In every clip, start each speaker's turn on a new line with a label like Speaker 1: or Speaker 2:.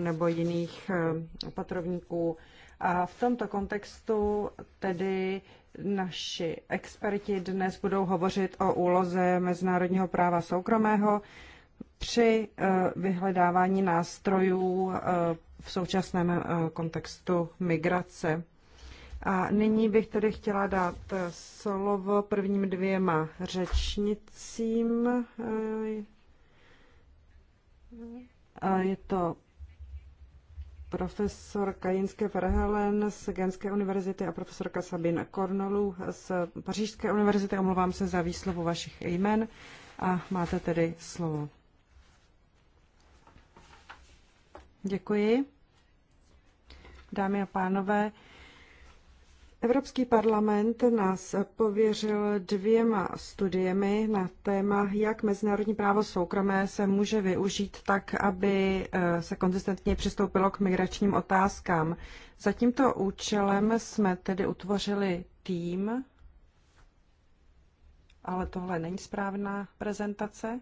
Speaker 1: nebo jiných eh, opatrovníků. A v tomto kontextu tedy naši experti dnes budou hovořit o úloze mezinárodního práva soukromého při eh, vyhledávání nástrojů eh, v současném kontextu migrace. A nyní bych tedy chtěla dát slovo prvním dvěma řečnicím. Je to profesorka Kajinské Verhelen z Genské univerzity a profesorka Sabine Kornolů z Pařížské univerzity. Omlouvám se za výslovu vašich jmen a máte tedy slovo. Děkuji. Dámy a pánové, Evropský parlament nás pověřil dvěma studiemi na téma, jak mezinárodní právo soukromé se může využít tak, aby eh, se konzistentně přistoupilo k migračním otázkám. Za tímto účelem jsme tedy utvořili tým, ale tohle není správná prezentace.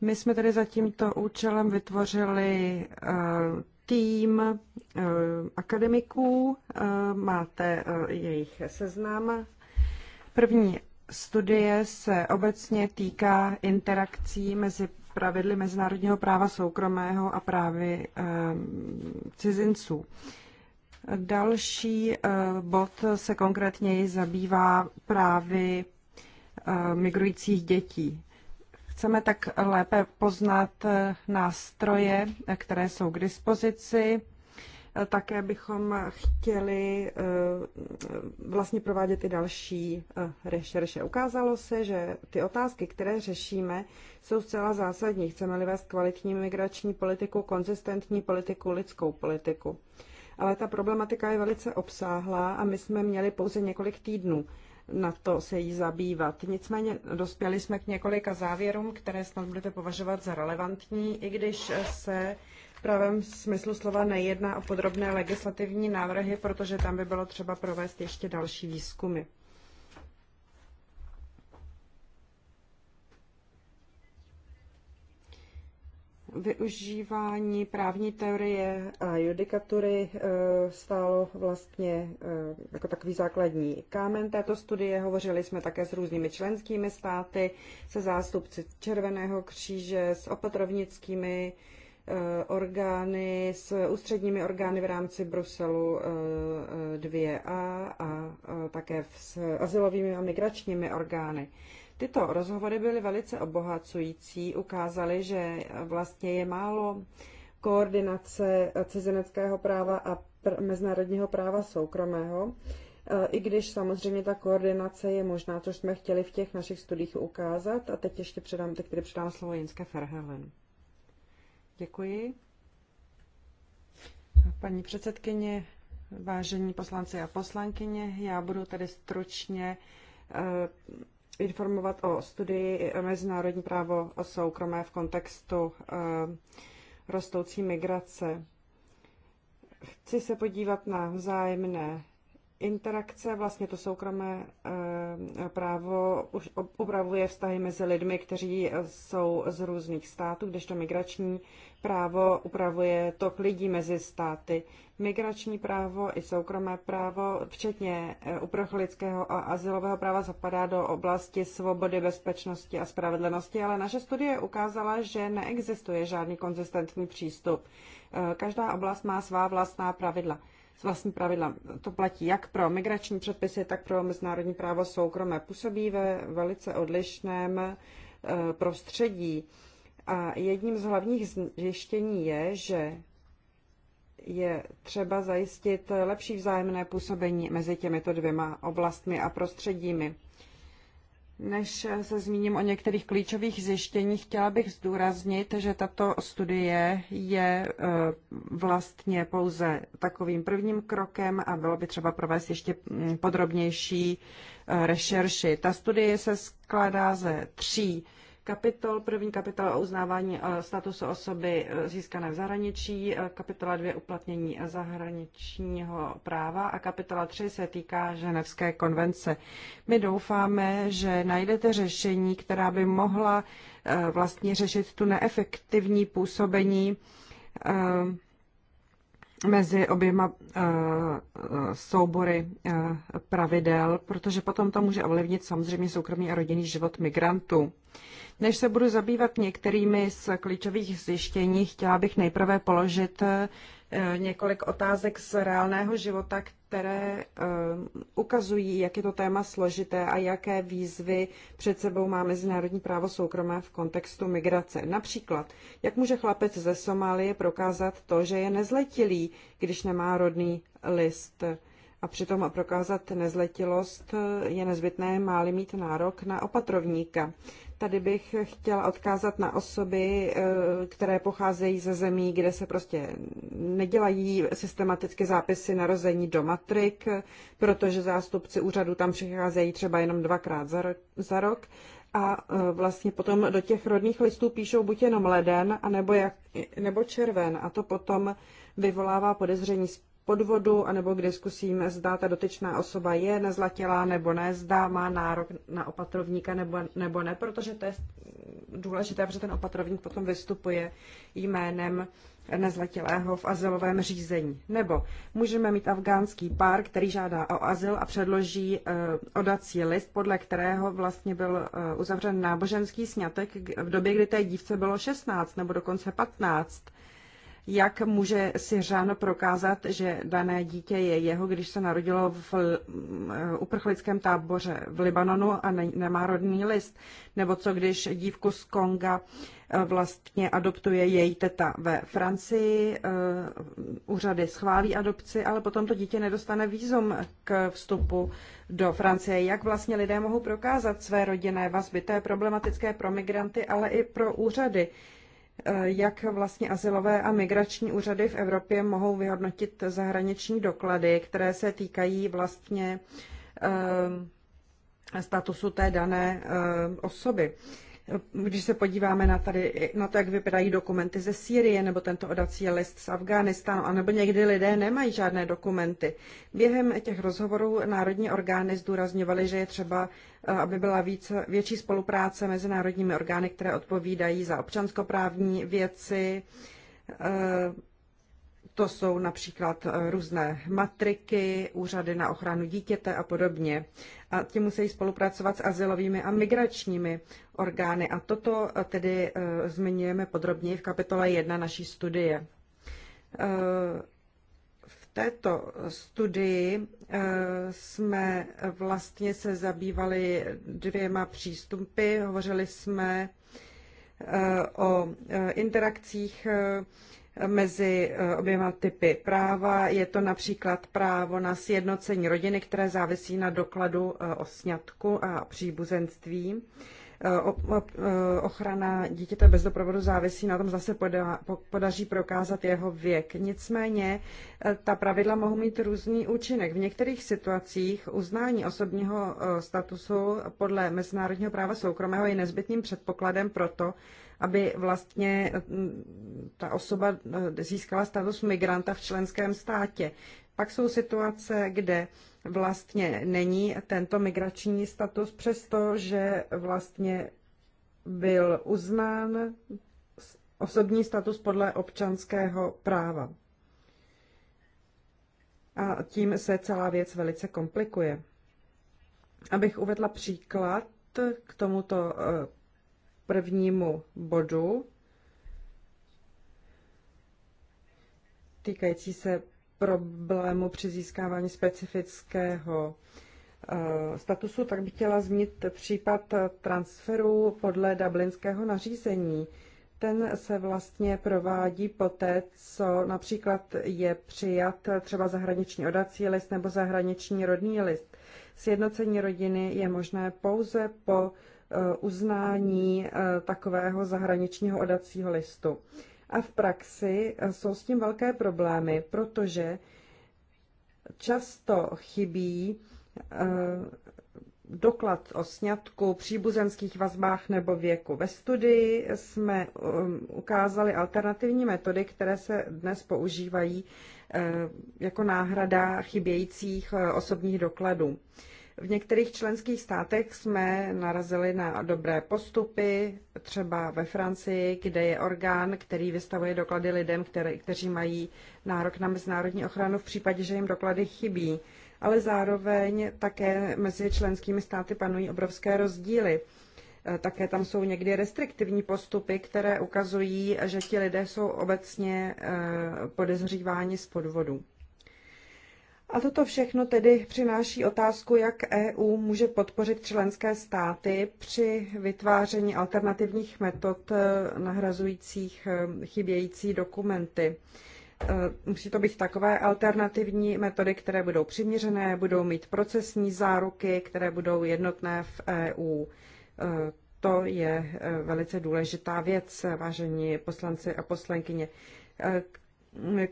Speaker 1: My jsme tedy za tímto účelem vytvořili eh, tým eh, akademiků, eh, máte eh, jejich seznam. První studie se obecně týká interakcí mezi pravidly mezinárodního práva soukromého a právy cizinců. Další bod se konkrétněji zabývá právy migrujících dětí. Chceme tak lépe poznat eh, nástroje, eh, které jsou k dispozici. Eh, také bychom chtěli vlastně provádět i další rešerše. Ukázalo se, že ty otázky, které řešíme, jsou zcela zásadní. Chceme-li vést kvalitní migrační politiku, konzistentní politiku, lidskou politiku. Ale ta problematika je velice obsáhlá a my jsme měli pouze několik týdnů na to se jí zabývat. Nicméně dospěli jsme k několika závěrům, které snad budete považovat za relevantní, i když se v pravém smyslu slova nejedná o podrobné legislativní návrhy, protože tam by bylo třeba provést ještě další výzkumy. Využívání právní teorie a judikatury eh, stálo vlastně eh, jako takový základní kámen této studie. Hovořili jsme také s různými členskými státy, se zástupci Červeného kříže, s opatrovnickými eh, orgány, s ústředními orgány v rámci Bruselu 2a a také s asilovými a migračními orgány. Tyto rozhovory byly velice obohacující, ukázaly, že vlastně je málo koordinace cizineckého práva a pr- mezinárodního práva soukromého, i když samozřejmě ta koordinace je možná, což jsme chtěli v těch našich studiích ukázat. A teď ještě předám, teď tedy předám slovo Jinské Ferhelen. Děkuji. Paní předsedkyně, vážení poslanci a poslankyně, já budu tedy stručně eh, informovat o studii Mezinárodní právo o soukromé v kontextu eh, rostoucí migrace. Chci se podívat na vzájemné interakce, vlastně to soukromé eh, právo už upravuje vztahy mezi lidmi, kteří eh, jsou z různých států, kdežto migrační právo upravuje tok lidí mezi státy. Migrační právo i soukromé právo, včetně eh, uprchlického a asilového práva, zapadá do oblasti svobody, bezpečnosti a spravedlnosti, ale naše studie ukázala, že neexistuje žádný konzistentní přístup. Každá oblast má svá vlastná pravidla vlastní pravidla. To platí jak pro migrační předpisy, tak pro mezinárodní právo soukromé. Působí ve velice odlišném eh, prostředí. A jedním z hlavních zjištění je, že je třeba zajistit lepší vzájemné působení mezi těmito dvěma oblastmi a prostředími. Než se zmíním o některých klíčových zjištěních, chtěla bych zdůraznit, že tato studie je e, vlastně pouze takovým prvním krokem a bylo by třeba provést ještě mm, podrobnější e, rešerši. Ta studie se skládá ze tří kapitol. První kapitola o uznávání eh, statusu osoby eh, získané v zahraničí, eh, kapitola 2 uplatnění zahraničního práva a kapitola 3 se týká Ženevské konvence. My doufáme, že najdete řešení, která by mohla vlastně řešit tu neefektivní působení mezi oběma eh, soubory eh, pravidel, protože potom to může ovlivnit samozřejmě soukromý a rodinný život migrantů. Než se budu zabývat některými z klíčových zjištění, chtěla bych nejprve položit eh, několik otázek z reálného života, které eh, ukazují, jak je to téma složité a jaké výzvy před sebou má mezinárodní právo soukromé v kontextu migrace. Například, jak může chlapec ze Somálie prokázat to, že je nezletilý, když nemá rodný list? A přitom prokázat nezletilost je nezbytné, má mít nárok na opatrovníka. Tady bych chtěla odkázat na osoby, eh, které pocházejí ze zemí, kde se prostě nedělají systematicky zápisy narození do matrik, protože zástupci úřadu tam přicházejí třeba jenom dvakrát za rok a eh, vlastně potom do těch rodných listů píšou buď jenom leden, anebo jak, nebo červen a to potom vyvolává podezření z podvodu anebo k diskusím, zda ta dotyčná osoba je nezlatělá nebo ne, zda má nárok na opatrovníka nebo, nebo ne, protože to je důležité, protože ten opatrovník potom vystupuje jménem nezletilého v azylovém řízení. Nebo můžeme mít afgánský pár, který žádá o azyl a předloží eh, odací list, podle kterého vlastně byl eh, uzavřen náboženský sňatek v době, kdy té dívce bylo 16 nebo dokonce 15 jak může řáno prokázat, že dané dítě je jeho, když se narodilo v eh, uprchlickém táboře v Libanonu a ne, nemá rodný list? Nebo co když dívku z Konga eh, vlastně adoptuje její teta ve Francii, eh, úřady schválí adopci, ale potom to dítě nedostane výzum k vstupu do Francie. Jak vlastně lidé mohou prokázat své rodinné vazby? To je problematické pro migranty, ale i pro úřady. Eh, jak vlastně asilové a migrační úřady v Evropě mohou vyhodnotit zahraniční doklady, které se týkají vlastně eh, statusu té dané eh, osoby když se podíváme na, tady, na to, jak vypadají dokumenty ze Sýrie nebo tento odací list z Afghánistánu, anebo někdy lidé nemají žádné dokumenty. Během těch rozhovorů národní orgány zdůrazňovaly, že je třeba, eh, aby byla víc, větší spolupráce mezi národními orgány, které odpovídají za občanskoprávní věci. Eh, to jsou například eh, různé matriky, úřady na ochranu dítěte a podobně a ti musí spolupracovat s asilovými a migračními orgány. A toto eh, tedy eh, zmiňujeme podrobněji v kapitole 1 naší studie. Eh, v této studii jsme vlastně se zabývali dvěma přístupy. Hovořili jsme o interakcích mezi eh, oběma typy práva. Je to například právo na sjednocení rodiny, které závisí na dokladu eh, o sňatku a příbuzenství. Eh, ochrana dítěte bez doprovodu závisí na tom, zda se podaří prokázat jeho věk. Nicméně ta pravidla mohou mít různý účinek. V některých situacích uznání osobního statusu podle mezinárodního práva soukromého je nezbytným předpokladem pro to, aby vlastně eh, ta osoba eh, získala status migranta v členském státě. Pak jsou situace, kde vlastně není tento migrační status, přestože vlastně byl uznán osobní status podle občanského práva. A tím se celá věc velice komplikuje. Abych uvedla příklad k tomuto eh, prvnímu bodu týkající se problému při získávání specifického eh, statusu, tak bych chtěla zmínit případ transferu podle dublinského nařízení. Ten se vlastně provádí poté, co například je přijat třeba zahraniční odací list nebo zahraniční rodný list. Sjednocení rodiny je možné pouze po Eh, uznání eh, takového zahraničního odacího listu. A v praxi eh, jsou s tím velké problémy, protože často chybí doklad o sňatku, příbuzenských vazbách nebo věku. Ve studii jsme ukázali alternativní metody, které se dnes používají jako náhrada chybějících osobních dokladů. V některých členských státech jsme narazili na dobré postupy, třeba ve Francii, kde je orgán, který vystavuje doklady lidem, které, kteří mají nárok na mezinárodní ochranu v případě, že jim doklady chybí. Ale zároveň také mezi členskými státy panují obrovské rozdíly. Eh, také tam jsou někdy restriktivní postupy, které ukazují, že ti lidé jsou obecně eh, podezříváni z podvodu. A toto všechno tedy přináší otázku, jak EU může podpořit členské státy při vytváření alternativních metod eh, nahrazujících eh, chybějící dokumenty. Eh, musí to být takové alternativní metody, které budou přiměřené, budou mít procesní záruky, které budou jednotné v EU. To je velice důležitá věc, vážení poslanci a poslankyně.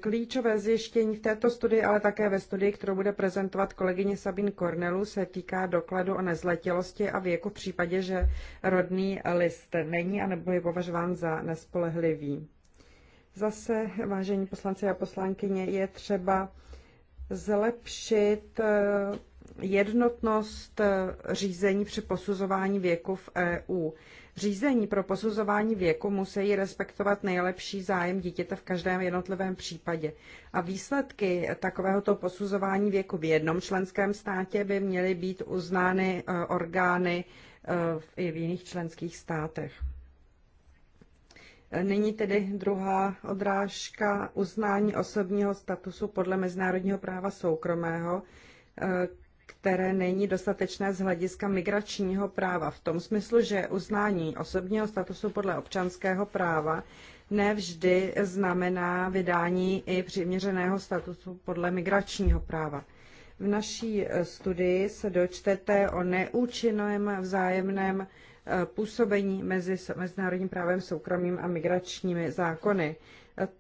Speaker 1: Klíčové zjištění v této studii, ale také ve studii, kterou bude prezentovat kolegyně Sabin Kornelu, se týká dokladu o nezletilosti a věku v případě, že rodný list není anebo je považován za nespolehlivý. Zase, vážení poslanci a poslankyně, je třeba zlepšit eh, jednotnost eh, řízení při posuzování věku v EU. Řízení pro posuzování věku musí respektovat nejlepší zájem dítěte v každém jednotlivém případě. A výsledky takovéhoto posuzování věku v jednom členském státě by měly být uznány eh, orgány eh, i v jiných členských státech. Nyní tedy druhá odrážka uznání osobního statusu podle mezinárodního práva soukromého, eh, které není dostatečné z hlediska migračního práva v tom smyslu, že uznání osobního statusu podle občanského práva nevždy znamená vydání i přiměřeného statusu podle migračního práva. V naší eh, studii se dočtete o neúčinném vzájemném eh, působení mezi mezinárodním právem soukromým a migračními zákony.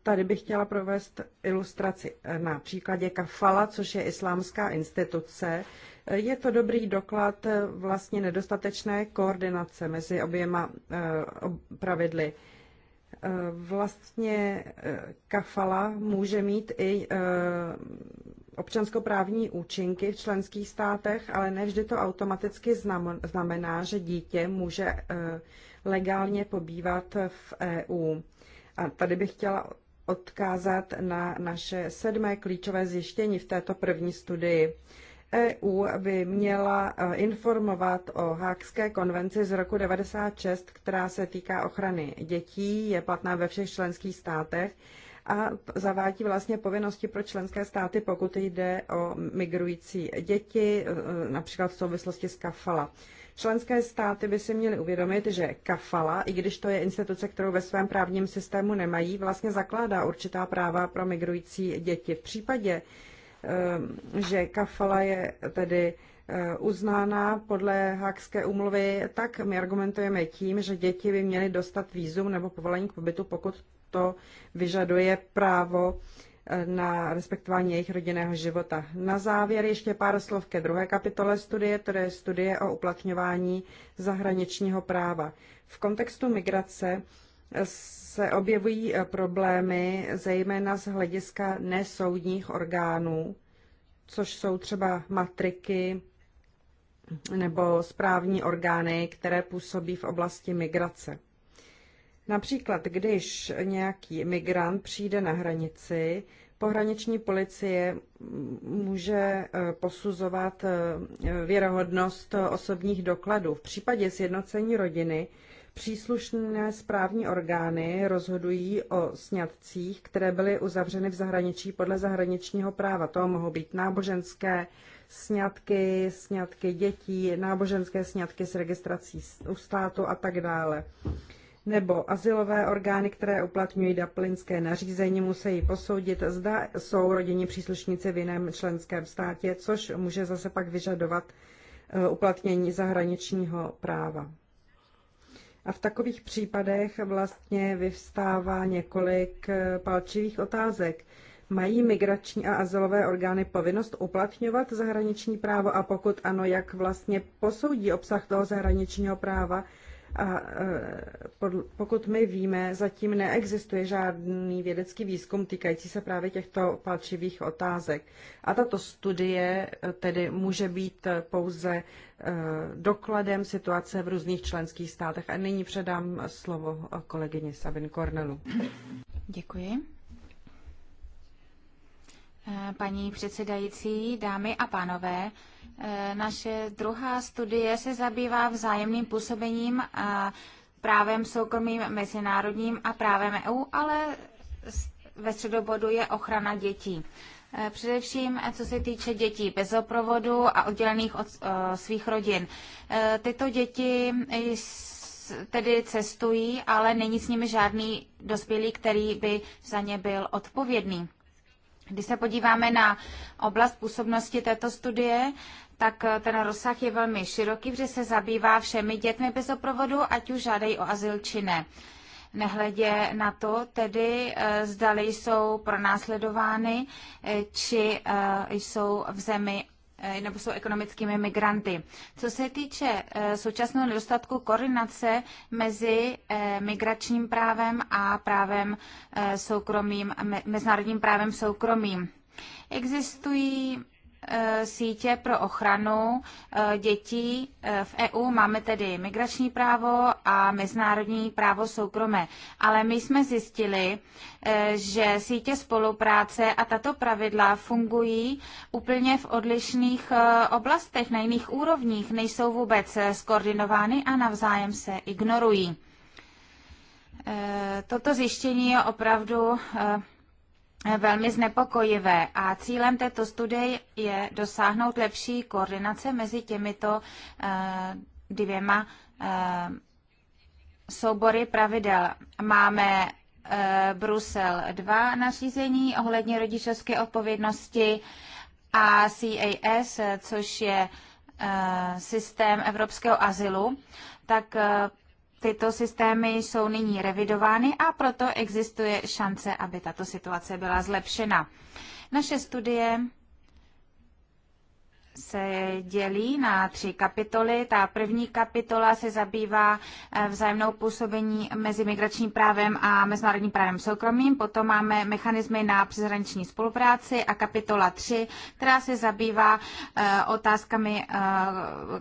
Speaker 1: Tady bych chtěla provést ilustraci na příkladě Kafala, což je islámská instituce. Je to dobrý doklad vlastně nedostatečné koordinace mezi oběma eh, pravidly. Eh, vlastně eh, kafala může mít i občanskoprávní účinky v členských státech, ale nevždy to automaticky znamená, že dítě může legálně pobývat v EU. A tady bych chtěla odkázat na naše sedmé klíčové zjištění v této první studii. EU by měla e, informovat o Hákské konvenci z roku 1996, která se týká ochrany dětí, je platná ve všech členských státech a zavádí vlastně povinnosti pro členské státy, pokud jde o migrující děti, eh, například v souvislosti s kafala. Členské státy by si měly uvědomit, že kafala, i když to je instituce, kterou ve svém právním systému nemají, vlastně zakládá určitá práva pro migrující děti. V případě, eh, že kafala je tedy eh, uznána podle Hákské úmluvy, tak my argumentujeme tím, že děti by měly dostat výzum nebo povolení k pobytu, pokud to vyžaduje právo eh, na respektování jejich rodinného života. Na závěr ještě pár slov ke druhé kapitole studie, to je studie o uplatňování zahraničního práva. V kontextu migrace eh, se objevují eh, problémy zejména z hlediska nesoudních orgánů, což jsou třeba matriky nebo správní orgány, které působí v oblasti migrace. Například, když nějaký migrant přijde na hranici, pohraniční policie může eh, posuzovat eh, věrohodnost osobních dokladů. V případě sjednocení rodiny příslušné správní orgány rozhodují o sňatcích, které byly uzavřeny v zahraničí podle zahraničního práva. To mohou být náboženské sňatky, sňatky dětí, náboženské sňatky s registrací u státu a tak dále nebo asilové orgány, které uplatňují daplinské nařízení, musí posoudit, zda jsou rodinní příslušníci v jiném členském státě, což může zase pak vyžadovat eh, uplatnění zahraničního práva. A v takových případech vlastně vyvstává několik eh, palčivých otázek. Mají migrační a azylové orgány povinnost uplatňovat zahraniční právo a pokud ano, jak vlastně posoudí obsah toho zahraničního práva a e, pokud my víme, zatím neexistuje žádný vědecký výzkum týkající se právě těchto palčivých otázek. A tato studie e, tedy může být pouze e, dokladem situace v různých členských státech. A nyní předám slovo kolegyni Sabin Kornelu. Děkuji.
Speaker 2: Eh, paní předsedající, dámy a pánové, eh, naše druhá studie se zabývá vzájemným působením a právem soukromým mezinárodním a právem EU, ale ve středobodu je ochrana dětí. Eh, především co se týče dětí bez oprovodu a oddělených od svých rodin. Tyto děti tedy cestují, ale není s nimi žádný dospělý, který by za ně byl odpovědný. Když se podíváme na oblast působnosti této studie, tak eh, ten rozsah je velmi široký, protože se zabývá všemi dětmi bez oprovodu, ať už žádají o azyl či ne. Nehledě na to tedy, eh, zdali jsou pronásledovány, eh, či jsou v zemi Eh, nebo jsou ekonomickými migranty. Co se týče eh, současného nedostatku koordinace mezi eh, migračním právem a právem soukromým, mezinárodním právem soukromým. Existují Eh, sítě pro ochranu eh, dětí eh, v EU. Máme tedy migrační právo a mezinárodní právo soukromé. Ale my jsme zjistili, že sítě spolupráce a tato pravidla fungují úplně v odlišných oblastech, na jiných úrovních, nejsou vůbec skoordinovány a navzájem se ignorují. Toto zjištění je opravdu velmi znepokojivé a cílem této studie je dosáhnout lepší koordinace mezi těmito eh, dvěma eh, soubory pravidel. Máme eh, Brusel 2 nařízení ohledně rodičovské odpovědnosti a CAS, což je systém evropského azylu, tak Tyto systémy jsou nyní revidovány a proto existuje šance, aby tato situace byla zlepšena. Naše studie se dělí na tři kapitoly. Ta první kapitola se zabývá eh, vzájemnou působení mezi migračním právem a mezinárodním právem soukromým. Potom máme mechanismy na přeshraniční spolupráci a kapitola 3, která se zabývá eh, otázkami, eh,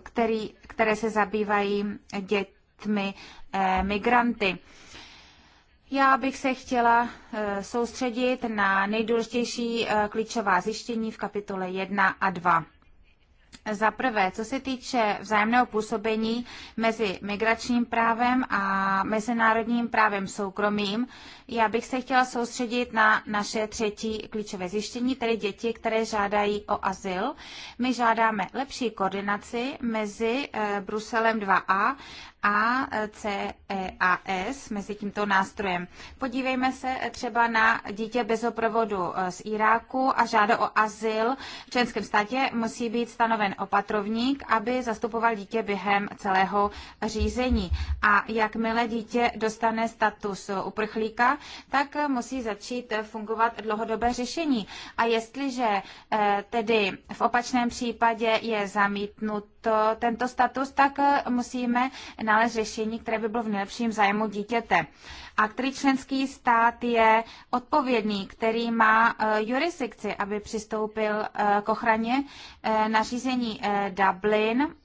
Speaker 2: který, které se zabývají dětí tmy eh, migranty. Já bych se chtěla eh, soustředit na nejdůležitější eh, klíčová zjištění v kapitole 1 a 2. Za prvé, co se týče vzájemného působení mezi migračním právem a mezinárodním právem soukromým, já bych se chtěla soustředit na naše třetí klíčové zjištění, tedy děti, které žádají o azyl. My žádáme lepší koordinaci mezi Bruselem 2a E, a S mezi tímto nástrojem. Podívejme se třeba na dítě bez oprovodu eh, z Iráku a žádá o azyl. V členském státě musí být stanoven opatrovník, aby zastupoval dítě během celého řízení. A jakmile dítě dostane status uprchlíka, tak musí začít fungovat dlouhodobé řešení. A jestliže eh, tedy v opačném případě je zamítnut to, tento status, tak eh, musíme nalézt řešení, které by bylo v nejlepším zájmu dítěte. A který členský stát je odpovědný, který má eh, jurisdikci, aby přistoupil eh, k ochraně nařízení Dublin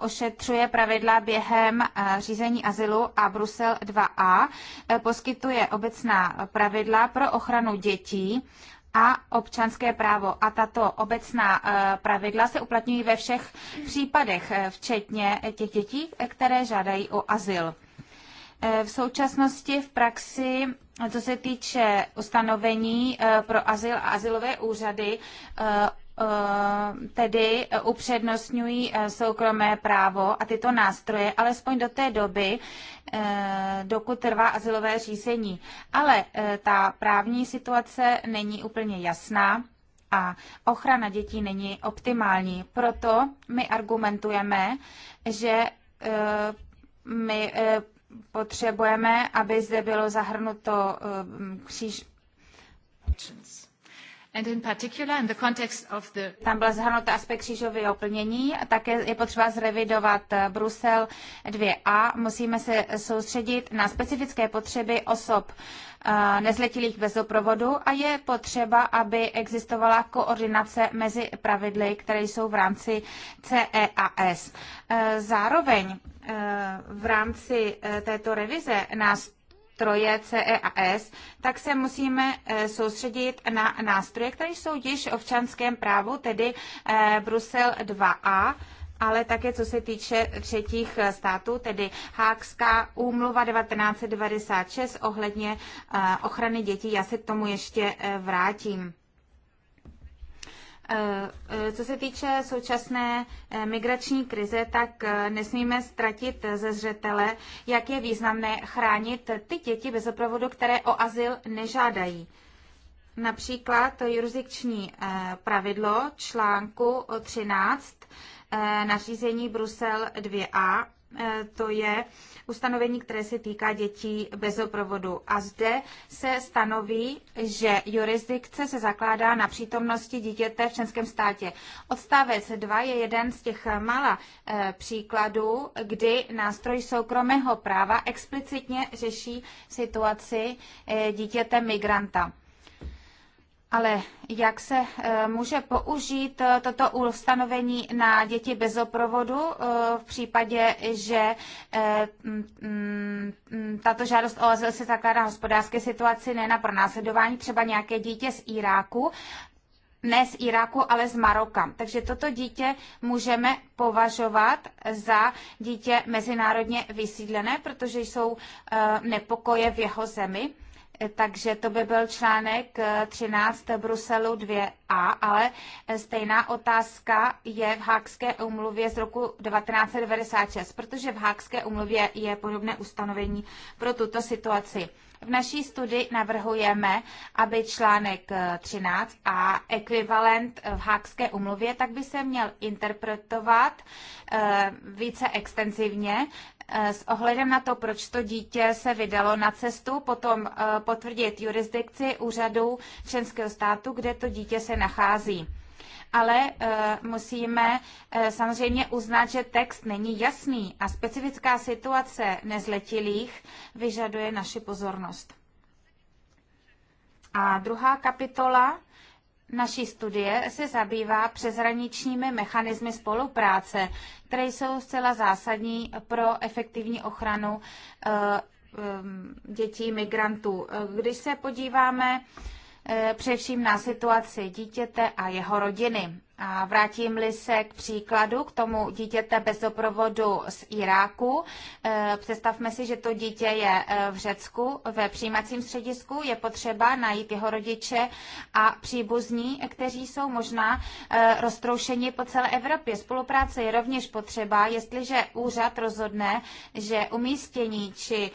Speaker 2: ošetřuje pravidla během řízení azylu a Brusel 2a poskytuje obecná pravidla pro ochranu dětí a občanské právo. A tato obecná eh, pravidla se uplatňují ve všech případech, eh, včetně těch dětí, které žádají o azyl. Eh, v současnosti v praxi, co se týče ustanovení pro azyl a azylové úřady, Eh, tedy upřednostňují eh, soukromé právo a tyto nástroje, alespoň do té doby, eh, dokud trvá asilové řízení. Ale ta právní situace není úplně jasná a ochrana dětí není optimální. Proto my argumentujeme, že my potřebujeme, aby zde bylo zahrnuto kříž. Actions tam byl zahrnut aspekt křížového plnění a také je potřeba zrevidovat eh, Brusel 2a. Musíme se soustředit na specifické potřeby osob eh, nezletilých bez doprovodu a je potřeba, aby existovala koordinace mezi pravidly, které jsou v rámci CEAS. Eh, zároveň v rámci této revize nás troje CE a S, tak se musíme e, soustředit na nástroje, které jsou již v občanském právu, tedy e, Brusel 2a, ale také co se týče třetích e, států, tedy Hákská úmluva 1996 ohledně ochrany dětí. Já se k tomu ještě vrátím. Eh, co se týče současné eh, migrační krize, tak eh, nesmíme ztratit ze zřetele, jak je významné chránit ty děti bez oprovodu, které o azyl nežádají. Například jurisdikční pravidlo článku 13 nařízení Brusel 2a Eh, to je ustanovení, které se týká dětí bez doprovodu. A zde se stanoví, že jurisdikce se zakládá na přítomnosti dítěte v členském státě. Odstavec 2 je jeden z těch mála eh, příkladů, kdy nástroj soukromého práva explicitně řeší situaci eh, dítěte migranta. Ale jak se eh, může použít eh, toto ustanovení na děti bez oprovodu eh, v případě, že tato žádost o azyl se zakládá hospodářské situaci, ne na pronásledování třeba nějaké dítě z Iráku, ne z Iráku, ale z Maroka. Takže toto dítě můžeme považovat za dítě mezinárodně vysídlené, protože jsou nepokoje v jeho zemi. Takže to by byl článek 13 eh, Bruselu 2a, ale eh, stejná otázka je v Hákské umluvě z roku 1996, protože v Hákské umluvě je podobné ustanovení pro tuto situaci. V naší studii navrhujeme, aby článek 13 eh, a ekvivalent v Hákské umluvě tak by se měl interpretovat více extenzivně Eh, s ohledem na to, proč to dítě se vydalo na cestu, potom eh, potvrdit jurisdikci úřadu členského státu, kde to dítě se nachází. Ale eh, musíme samozřejmě uznat, že text není jasný a specifická situace nezletilých vyžaduje naši pozornost. A druhá kapitola naší studie se zabývá přeshraničními mechanismy spolupráce, které jsou zcela zásadní pro efektivní ochranu eh, eh, dětí migrantů. Když se podíváme eh, především na situaci dítěte a jeho rodiny. A vrátím-li se k příkladu, k tomu dítěte bez doprovodu z Iráku. E, představme si, že to dítě je e, v Řecku, ve přijímacím středisku. Je potřeba najít jeho rodiče a příbuzní, kteří jsou možná e, roztroušeni po celé Evropě. Spolupráce je rovněž potřeba, jestliže úřad rozhodne, že umístění či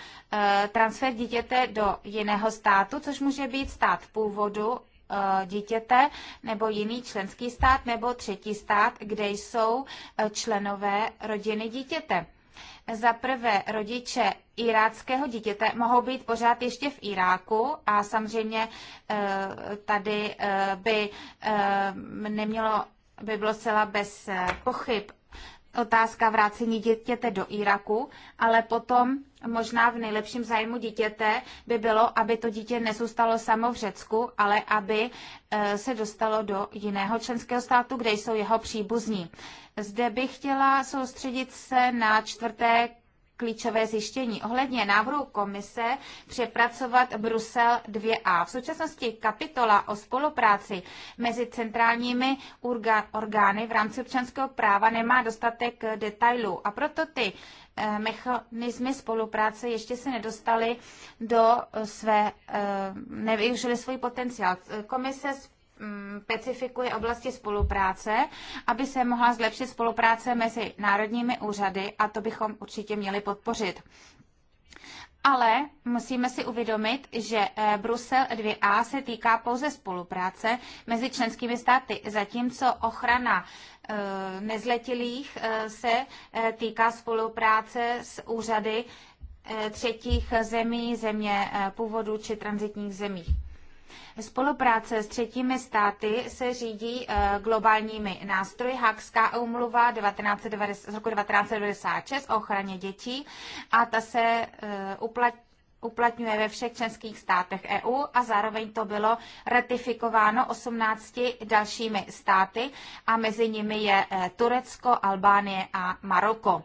Speaker 2: transfer dítěte do jiného státu, což může být stát původu Eh, dítěte nebo jiný členský stát nebo třetí stát, kde jsou eh, členové rodiny dítěte. Za prvé, rodiče iráckého dítěte mohou být pořád ještě v Iráku a samozřejmě eh, tady by nemělo by bylo zcela bez pochyb otázka vrácení dítěte do Iraku, ale potom možná v nejlepším zájmu dítěte by bylo, aby to dítě nezůstalo samo v Řecku, ale aby e, se dostalo do jiného členského státu, kde jsou jeho příbuzní. Zde bych chtěla soustředit se na čtvrté klíčové zjištění ohledně návrhu komise přepracovat Brusel 2a. V současnosti kapitola o spolupráci mezi centrálními orgány v rámci občanského práva nemá dostatek detailů a proto ty eh, mechanismy spolupráce ještě se nedostaly do své, eh, nevyužily svůj potenciál. Komise Mm, specifikuje oblasti spolupráce, aby se mohla zlepšit spolupráce mezi národními úřady a to bychom určitě měli podpořit. Ale musíme si uvědomit, že eh, Brusel 2a se týká pouze spolupráce mezi členskými státy, zatímco ochrana eh, nezletilých eh, se týká spolupráce s úřady třetích zemí, země původu či transitních zemí. Spolupráce s třetími státy se řídí eh, globálními nástroji Hákská umluva z roku 1996 o ochraně dětí a ta se eh, uplatňuje uplatňuje ve všech členských státech EU a zároveň to bylo ratifikováno 18 dalšími státy a mezi nimi je eh, Turecko, Albánie a Maroko.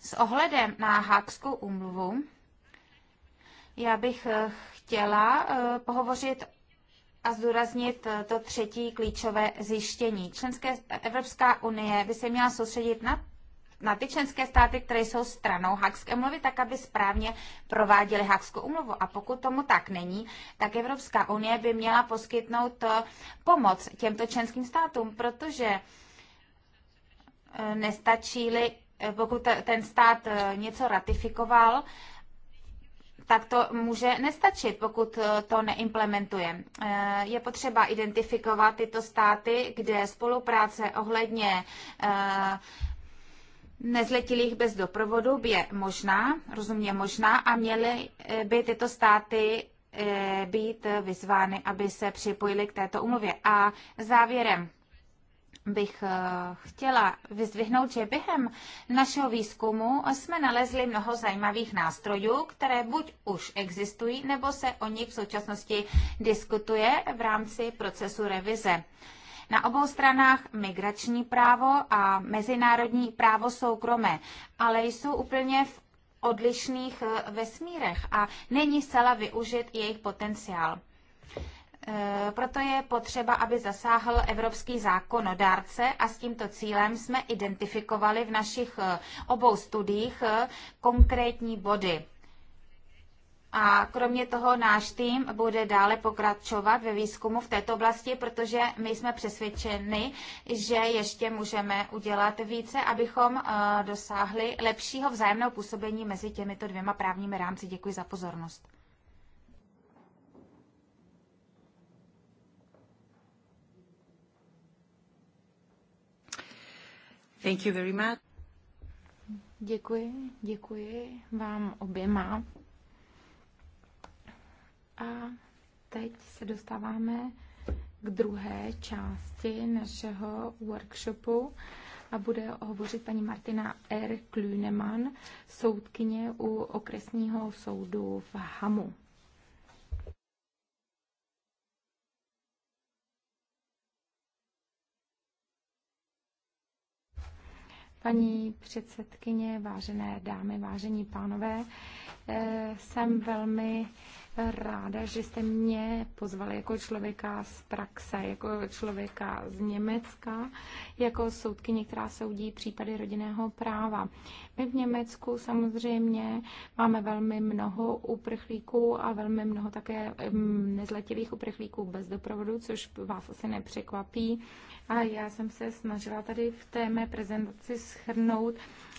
Speaker 2: S ohledem na Hákskou úmluvu já bych chtěla pohovořit a zdůraznit eh, to třetí klíčové zjištění. Členské, Evropská unie by se měla soustředit na na ty členské státy, které jsou stranou Hakské umluvy, tak aby správně prováděly Hakskou umluvu. A pokud tomu tak není, tak Evropská unie by měla poskytnout eh, pomoc těmto členským státům, protože eh, nestačí-li, pokud ten stát něco ratifikoval, tak to může nestačit, pokud eh, to neimplementujeme. Eh, je potřeba identifikovat tyto státy, kde spolupráce ohledně eh, nezletilých bez doprovodu je možná, rozumně možná, a měly by tyto státy být vyzvány, aby se připojili k této umluvě. A závěrem, bych eh, chtěla vyzdvihnout, že během našeho výzkumu jsme nalezli mnoho zajímavých nástrojů, které buď už existují, nebo se o nich v současnosti diskutuje v rámci procesu revize. Na obou stranách migrační právo a mezinárodní právo soukromé, ale jsou úplně v odlišných eh, vesmírech a není zcela využit jejich potenciál. Eh, proto je potřeba, aby zasáhl evropský zákonodárce a s tímto cílem jsme identifikovali v našich eh, obou studiích eh, konkrétní body. A kromě toho náš tým bude dále pokračovat ve výzkumu v této oblasti, protože my jsme přesvědčeni, že ještě můžeme udělat více, abychom dosáhli lepšího vzájemného působení mezi těmito dvěma právními rámci. Děkuji za pozornost. Thank you very much.
Speaker 3: Děkuji, děkuji vám oběma. A teď se dostáváme k druhé části našeho workshopu a bude hovořit paní Martina R. Klüneman, soudkyně u okresního soudu v Hamu. Paní předsedkyně, vážené dámy, vážení pánové, eh, jsem velmi ráda, že jste mě pozvali jako člověka z praxe, jako člověka z Německa, jako soudkyně, která soudí případy rodinného práva. My v Německu samozřejmě máme velmi mnoho uprchlíků a velmi mnoho také mm, nezletilých uprchlíků bez doprovodu, což vás asi nepřekvapí a já jsem se snažila tady v té mé prezentaci schrnout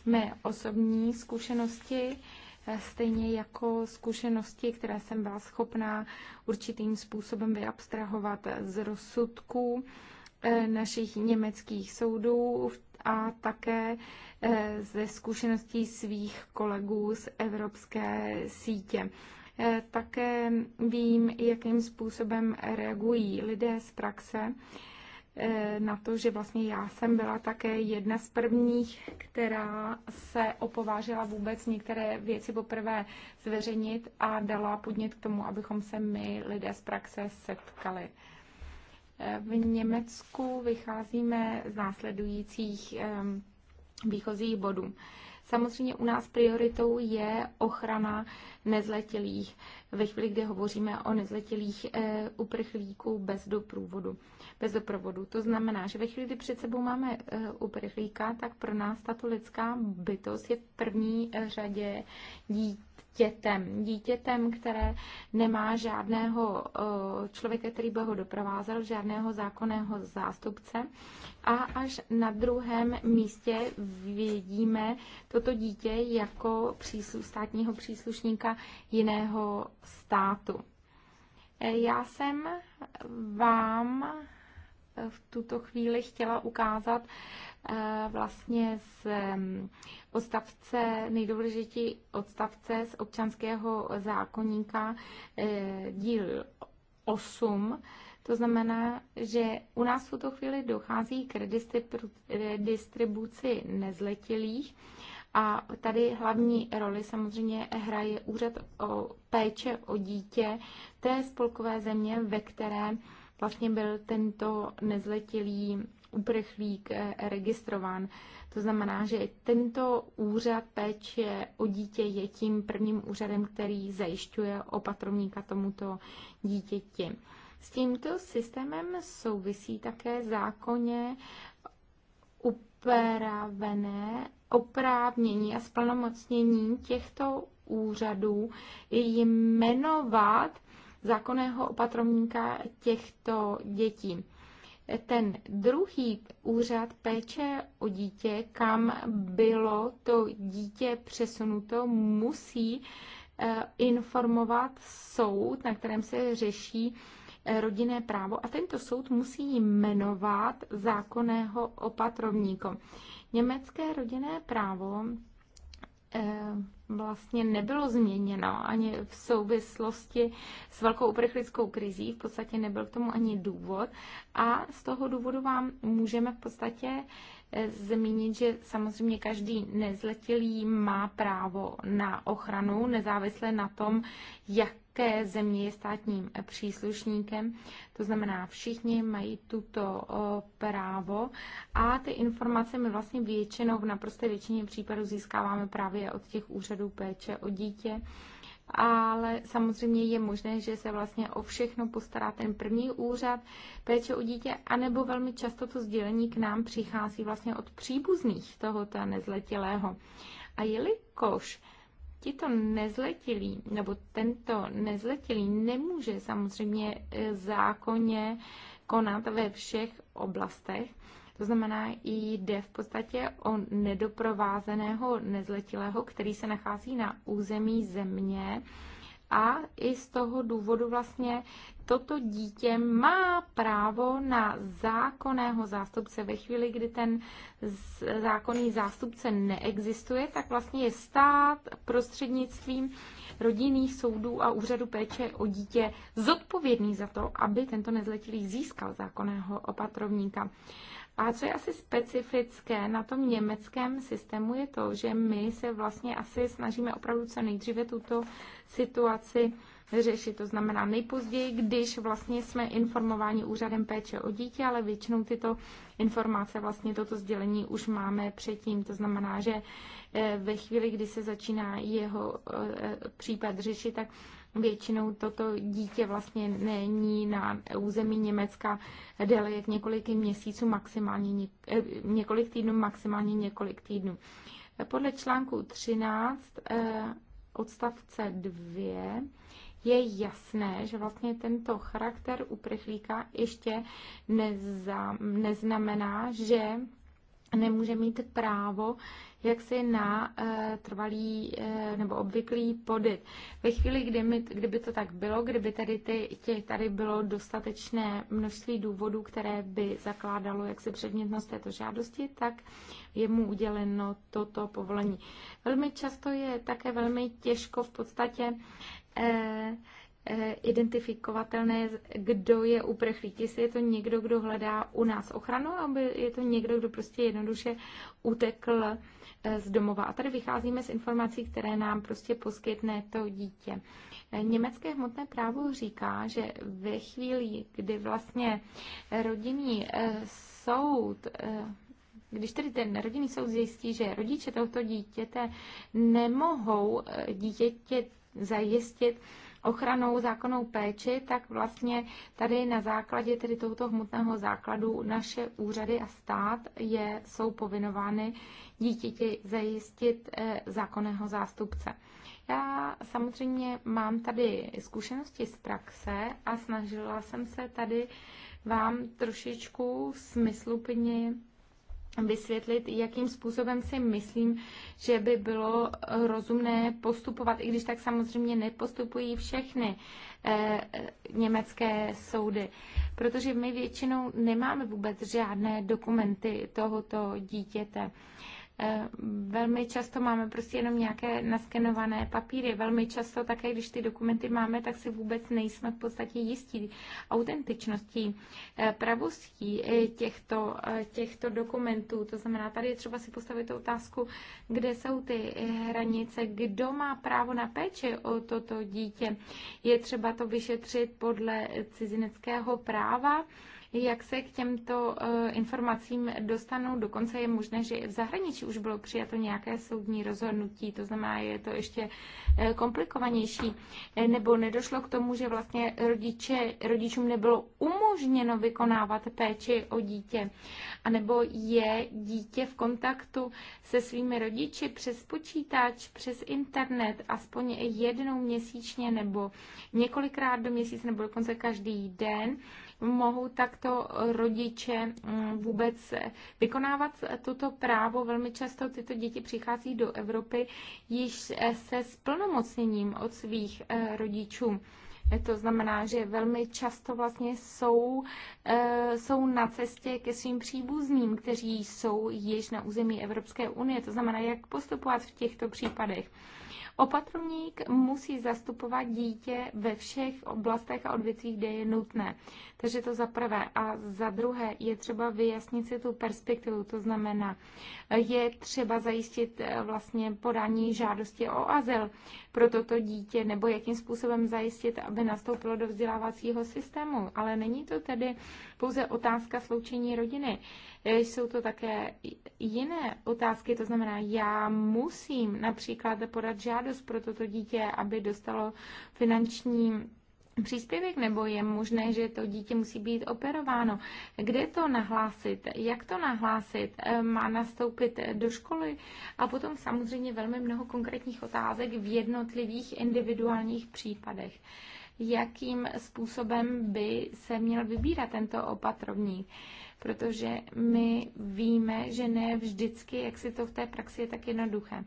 Speaker 3: mé osobní zkušenosti, eh, stejně jako zkušenosti, které jsem byla schopná určitým způsobem vyabstrahovat z rozsudků eh, našich německých soudů a také eh, ze zkušeností svých kolegů z Evropské sítě. Také vím, jakým způsobem reagují lidé z praxe Eh, na to, že vlastně já jsem byla také jedna z prvních, která se opovážila vůbec některé věci poprvé zveřejnit a dala podnět k tomu, abychom se my lidé z praxe setkali. Eh, v Německu vycházíme z následujících výchozích bodů. Samozřejmě u nás prioritou je ochrana nezletilých ve chvíli, kdy hovoříme o nezletilých eh, uprchlíků bez doprůvodu bez doprovodu. To znamená, že ve chvíli, kdy před sebou máme eh, uprchlíka, tak pro nás tato lidská bytost je v první eh, řadě dítětem. Dítětem, které nemá žádného eh, člověka, který by ho doprovázel, žádného zákonného zástupce. A až na druhém místě vidíme toto dítě jako příslu, státního příslušníka jiného státu. Já jsem vám v tuto chvíli chtěla ukázat eh, vlastně z odstavce, nejdůležitější odstavce z občanského zákonníka eh, díl 8, to znamená, že u nás v tuto chvíli dochází k redistribuci nezletilých a tady hlavní roli samozřejmě hraje úřad o péče o dítě té spolkové země, ve které vlastně byl tento nezletilý uprchlík eh, registrován. To znamená, že tento úřad péče o dítě je tím prvním úřadem, který zajišťuje opatrovníka tomuto dítěti. S tímto systémem souvisí také zákoně upravené oprávnění a splnomocnění těchto úřadů jmenovat zákonného opatrovníka těchto dětí. Ten druhý úřad péče o dítě, kam bylo to dítě přesunuto, musí eh, informovat soud, na kterém se řeší eh, rodinné právo a tento soud musí jmenovat zákonného opatrovníka. Německé rodinné právo eh, vlastně nebylo změněno ani v souvislosti s velkou uprchlickou krizí, v podstatě nebyl k tomu ani důvod a z toho důvodu vám můžeme v podstatě eh, zmínit, že samozřejmě každý nezletilý má právo na ochranu, nezávisle na tom, jak té země je státním příslušníkem. To znamená, všichni mají tuto právo a ty informace my vlastně většinou v naprosté většině případů získáváme právě od těch úřadů péče o dítě ale samozřejmě je možné, že se vlastně o všechno postará ten první úřad péče o dítě, anebo velmi často to sdělení k nám přichází vlastně od příbuzných tohoto nezletilého. A jelikož tito nezletilí, nebo tento nezletilý nemůže samozřejmě e, zákonně konat ve všech oblastech. To znamená, jde v podstatě o nedoprovázeného nezletilého, který se nachází na území země, a i z toho důvodu vlastně toto dítě má právo na zákonného zástupce. Ve chvíli, kdy ten zákonný zástupce neexistuje, tak vlastně je stát prostřednictvím rodinných soudů a úřadu péče o dítě zodpovědný za to, aby tento nezletilý získal zákonného opatrovníka. A co je asi specifické na tom německém systému je to, že my se vlastně asi snažíme opravdu co nejdříve tuto situaci řešit. To znamená nejpozději, když vlastně jsme informováni úřadem péče o dítě, ale většinou tyto informace, vlastně toto sdělení už máme předtím. To znamená, že eh, ve chvíli, kdy se začíná jeho eh, eh, případ řešit, tak Většinou toto dítě vlastně není na území Německa déle jak několik měsíců, maximálně eh, několik týdnů, maximálně několik týdnů. Podle článku 13 eh, odstavce 2 je jasné, že vlastně tento charakter uprchlíka ještě neza, neznamená, že nemůže mít právo jaksi na eh, trvalý eh, nebo obvyklý podyt. Ve chvíli, kdy my, kdyby to tak bylo, kdyby tady, ty, tě, tady bylo dostatečné množství důvodů, které by zakládalo jaksi předmětnost této žádosti, tak je mu uděleno toto povolení. Velmi často je také velmi těžko v podstatě uh, identifikovatelné, kdo je uprchlík. Jestli je to někdo, kdo hledá u nás ochranu, aby je to někdo, kdo prostě jednoduše utekl z domova. A tady vycházíme z informací, které nám prostě poskytne to dítě. Německé hmotné právo říká, že ve chvíli, kdy vlastně rodinný eh, soud eh, když tedy ten rodinný soud zjistí, že rodiče tohoto dítěte nemohou eh, dítěte zajistit ochranou zákonnou péči, tak vlastně tady na základě tedy tohoto hmotného základu naše úřady a stát je, jsou povinovány dítěti zajistit eh, zákonného zástupce. Já samozřejmě mám tady zkušenosti z praxe a snažila jsem se tady vám trošičku smysluplně vysvětlit, jakým způsobem si myslím, že by bylo rozumné postupovat, i když tak samozřejmě nepostupují všechny eh, německé soudy, protože my většinou nemáme vůbec žádné dokumenty tohoto dítěte. Eh, Eh, velmi často máme prostě jenom nějaké naskenované papíry. Velmi často také, když ty dokumenty máme, tak si vůbec nejsme v podstatě jistí autentičností, eh, pravostí eh, těchto, těchto dokumentů. To znamená, tady je třeba si postavit tu otázku, kde jsou ty hranice, kdo má právo na péči o toto dítě. Je třeba to vyšetřit podle cizineckého práva jak se k těmto eh, informacím dostanou. Dokonce je možné, že v zahraničí už bylo přijato nějaké soudní rozhodnutí, to znamená, je to ještě eh, komplikovanější. Eh, nebo nedošlo k tomu, že vlastně rodiče, rodičům nebylo umožněno vykonávat péči o dítě. A nebo je dítě v kontaktu se svými rodiči přes počítač, přes internet, aspoň jednou měsíčně nebo několikrát do měsíce nebo dokonce každý den mohou takto rodiče mm, vůbec vykonávat toto právo. Velmi často tyto děti přichází do Evropy již se splnomocněním od svých eh, rodičů. To znamená, že velmi často vlastně jsou, eh, jsou na cestě ke svým příbuzným, kteří jsou již na území Evropské unie. To znamená, jak postupovat v těchto případech. Opatrovník musí zastupovat dítě ve všech oblastech a odvětvích, kde je nutné. Takže to za prvé. A za druhé je třeba vyjasnit si tu perspektivu, to znamená, je třeba zajistit eh, vlastně podání žádosti o azyl pro toto dítě, nebo jakým způsobem zajistit, aby nastoupilo do vzdělávacího systému. Ale není to tedy pouze otázka sloučení rodiny. E, jsou to také jiné otázky, to znamená, já musím například podat žádost pro toto dítě, aby dostalo finanční příspěvek, nebo je možné, že to dítě musí být operováno. Kde to nahlásit? Jak to nahlásit? Eh, má nastoupit do školy? A potom samozřejmě velmi mnoho konkrétních otázek v jednotlivých individuálních případech jakým způsobem by se měl vybírat tento opatrovník. Protože my víme, že ne vždycky, jak si to v té praxi je tak jednoduché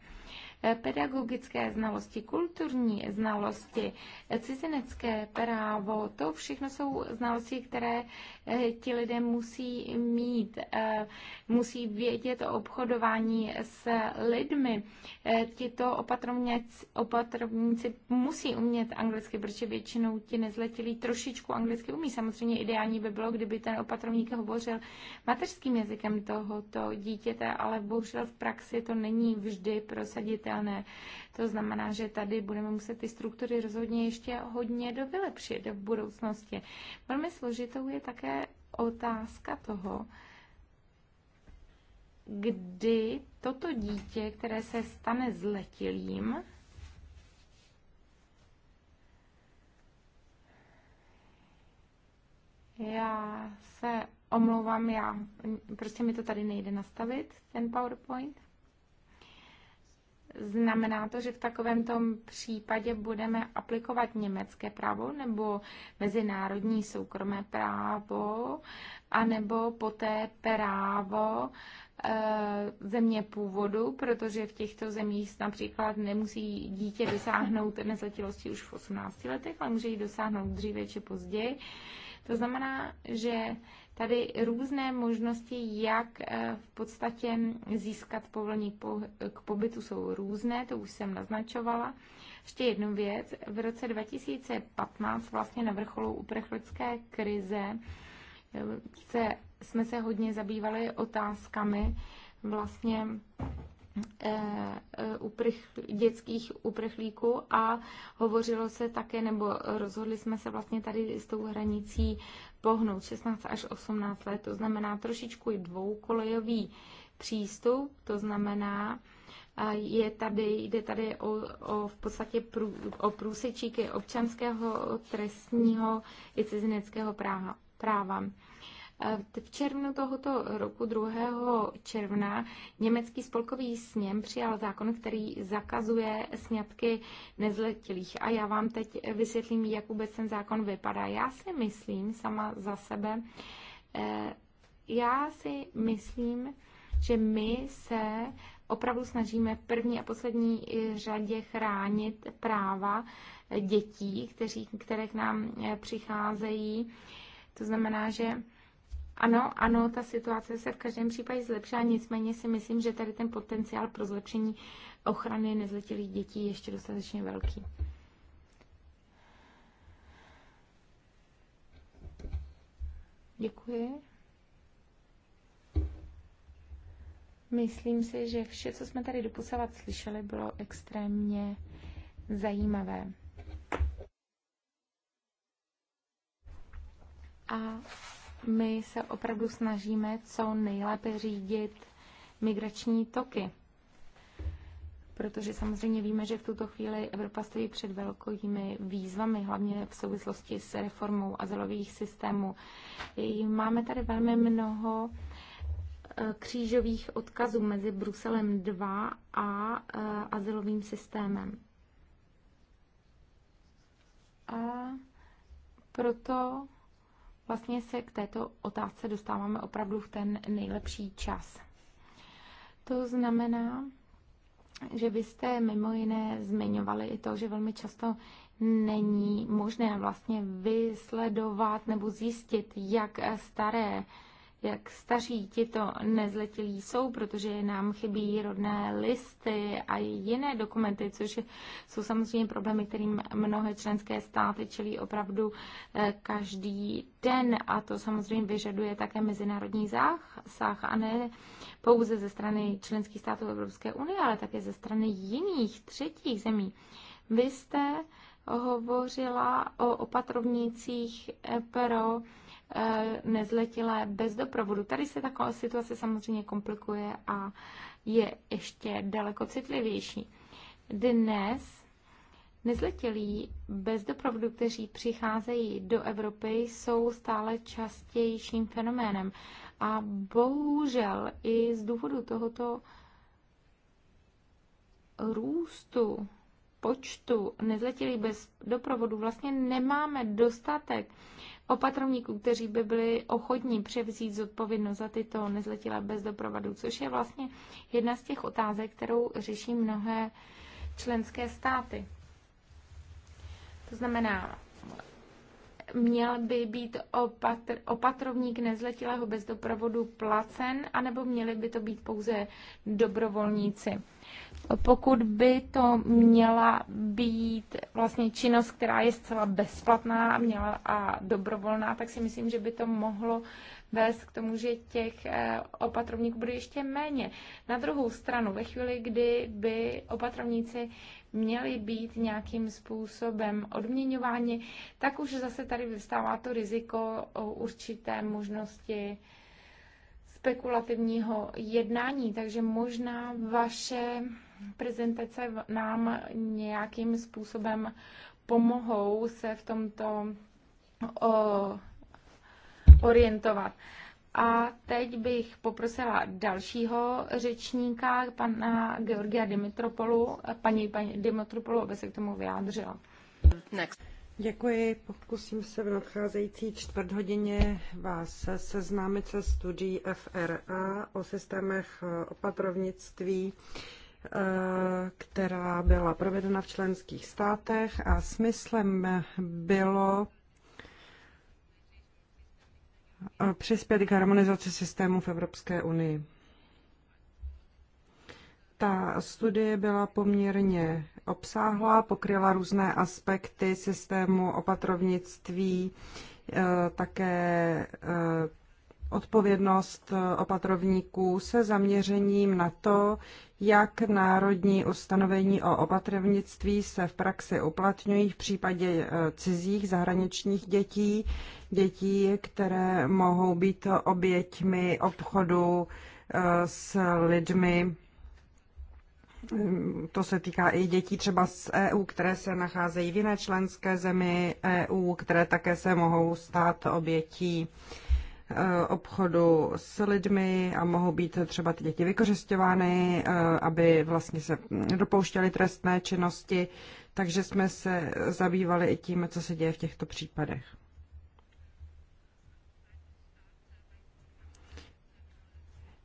Speaker 3: pedagogické znalosti, kulturní znalosti, cizinecké právo, to všechno jsou znalosti, které eh, ti lidé musí mít, eh, musí vědět o obchodování s lidmi. Eh, tito opatrovníci, musí umět anglicky, protože většinou ti nezletilí trošičku anglicky umí. Samozřejmě ideální by bylo, kdyby ten opatrovník hovořil mateřským jazykem tohoto dítěte, ale bohužel v praxi to není vždy prosaditelné udržitelné. To znamená, že tady budeme muset ty struktury rozhodně ještě hodně dovylepšit v budoucnosti. Velmi složitou je také otázka toho, kdy toto dítě, které se stane zletilým, Já se omlouvám, já, prostě mi to tady nejde nastavit, ten PowerPoint. Znamená to, že v takovémto případě budeme aplikovat německé právo nebo mezinárodní soukromé právo, anebo poté právo eh, země původu, protože v těchto zemích například nemusí dítě dosáhnout nezletilosti už v 18 letech, ale může ji dosáhnout dříve či později. To znamená, že tady různé možnosti, jak eh, v podstatě získat povolení k pobytu jsou různé, to už jsem naznačovala. Ještě jednu věc. V roce 2015, vlastně na vrcholu uprchlické krize, eh, se, jsme se hodně zabývali otázkami vlastně Eh, eh, uprch, dětských uprchlíků a hovořilo se také, nebo rozhodli jsme se vlastně tady s tou hranicí pohnout 16 až 18 let, to znamená trošičku i dvoukolejový přístup, to znamená, je tady, jde tady o, o v podstatě prů, o průsečíky občanského, trestního i cizineckého práva. práva. V červnu tohoto roku, 2. června, německý spolkový sněm přijal zákon, který zakazuje sňatky nezletilých. A já vám teď vysvětlím, jak vůbec ten zákon vypadá. Já si myslím sama za sebe, eh, já si myslím, že my se opravdu snažíme v první a poslední řadě chránit práva dětí, kteří, které k nám eh, přicházejí. To znamená, že ano, ano, ta situace se v každém případě zlepšila, nicméně si myslím, že tady ten potenciál pro zlepšení ochrany nezletilých dětí je ještě dostatečně velký. Děkuji. Myslím si, že vše, co jsme tady doposavat slyšeli, bylo extrémně zajímavé. A my se opravdu snažíme co nejlépe řídit migrační toky. Protože samozřejmě víme, že v tuto chvíli Evropa stojí před velkými výzvami, hlavně v souvislosti s reformou azylových systémů. Máme tady velmi mnoho eh, křížových odkazů mezi Bruselem 2 a eh, azylovým systémem. A proto vlastně se k této otázce dostáváme opravdu v ten nejlepší čas. To znamená, že vy jste mimo jiné zmiňovali i to, že velmi často není možné vlastně vysledovat nebo zjistit, jak staré jak staří tito nezletilí jsou, protože nám chybí rodné listy a jiné dokumenty, což jsou samozřejmě problémy, kterým mnohé členské státy čelí opravdu eh, každý den. A to samozřejmě vyžaduje také mezinárodní zásah a ne pouze ze strany členských států Evropské unie, ale také ze strany jiných třetích zemí. Vy jste hovořila o opatrovnících eh, pro Eh, nezletilé bez doprovodu. Tady se taková situace samozřejmě komplikuje a je ještě daleko citlivější. Dnes Nezletilí bez doprovodu, kteří přicházejí do Evropy, jsou stále častějším fenoménem. A bohužel i z důvodu tohoto růstu počtu nezletilých bez doprovodu vlastně nemáme dostatek opatrovníků, kteří by byli ochotní převzít zodpovědnost za tyto nezletilé bez doprovodu, což je vlastně jedna z těch otázek, kterou řeší mnohé členské státy. To znamená, měl by být opatr, opatrovník nezletilého bez doprovodu placen, anebo měli by to být pouze dobrovolníci. Pokud by to měla být vlastně činnost, která je zcela bezplatná měla a dobrovolná, tak si myslím, že by to mohlo vést k tomu, že těch eh, opatrovníků bude ještě méně. Na druhou stranu, ve chvíli, kdy by opatrovníci měli být nějakým způsobem odměňováni, tak už zase tady vystává to riziko o určité možnosti spekulativního jednání, takže možná vaše prezentace nám nějakým způsobem pomohou se v tomto o, orientovat. A teď bych poprosila dalšího řečníka, pana Georgia Dimitropolu.
Speaker 1: Paní, paní Dimitropolu, aby se k tomu vyjádřila. Next. Děkuji. Pokusím se v nadcházející čtvrthodině vás seznámit se studií FRA o systémech opatrovnictví, eh, která byla provedena v členských státech a smyslem bylo přispět k harmonizaci systému v Evropské unii. Ta studie byla poměrně obsáhlá, pokryla různé aspekty systému opatrovnictví, eh, také eh, odpovědnost eh, opatrovníků se zaměřením na to, jak národní ustanovení o opatrovnictví se v praxi uplatňují v případě eh, cizích zahraničních dětí, dětí, které mohou být oběťmi obchodu eh, s lidmi. Mm, to se týká i dětí třeba z EU, které se nacházejí v jiné členské zemi EU, které také se mohou stát obětí uh, Eh, obchodu s lidmi a mohou být třeba ty děti vykořišťovány, eh, aby vlastně se dopouštěly trestné činnosti, takže jsme se zabývali i tím, co se děje v těchto případech.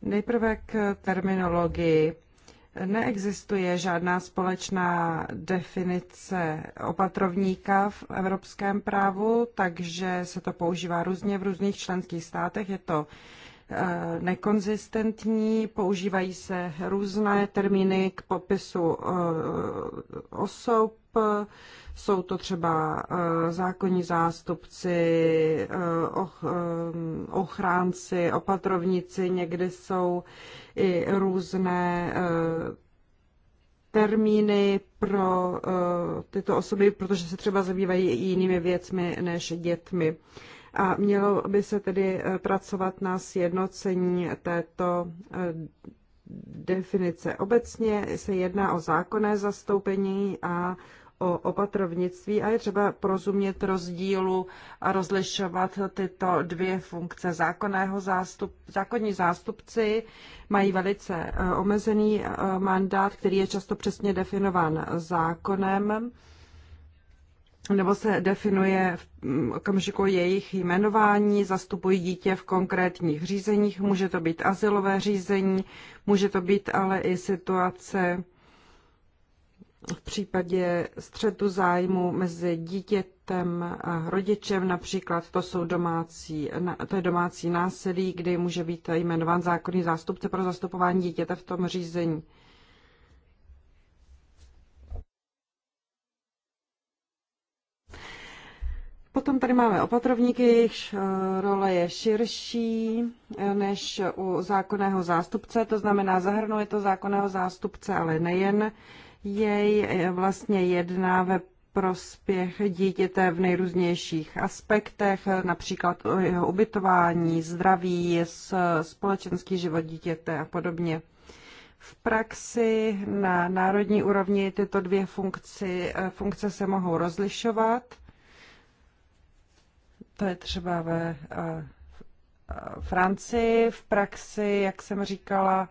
Speaker 1: Nejprve k terminologii. Neexistuje žádná společná definice opatrovníka v evropském právu, takže se to používá různě v různých členských státech. Je to Eh, nekonzistentní, používají se různé termíny k popisu eh, osob, jsou to třeba eh, zákonní zástupci, ochránci, opatrovníci, někdy jsou i různé termíny pro tyto osoby, protože se třeba zabývají i jinými věcmi než dětmi a mělo by se tedy eh, pracovat na sjednocení této eh, definice. Obecně se jedná o zákonné zastoupení a o opatrovnictví a je třeba porozumět rozdílu a rozlišovat tyto dvě funkce. Zákonného zástup, zákonní zástupci mají velice eh, omezený mandát, který je často přesně definován zákonem nebo se definuje v okamžiku jejich jmenování, zastupují dítě v konkrétních řízeních, může to být asilové řízení, může to být ale i situace v případě střetu zájmu mezi dítětem a rodičem, například to, jsou domácí, to je domácí násilí, kdy může být jmenován zákonný zástupce pro zastupování dítěte v tom řízení. Potom tady máme opatrovníky, jejichž eh, role je širší eh, než u zákonného zástupce, to znamená zahrnuje to zákonného zástupce, ale nejen jej eh, vlastně jedná ve prospěch dítěte v nejrůznějších aspektech, například o jeho ubytování, zdraví, společenský život dítěte a podobně. V praxi na národní úrovni tyto dvě funkci, funkce se mohou rozlišovat – to je třeba ve eh, Francii v praxi, jak jsem říkala,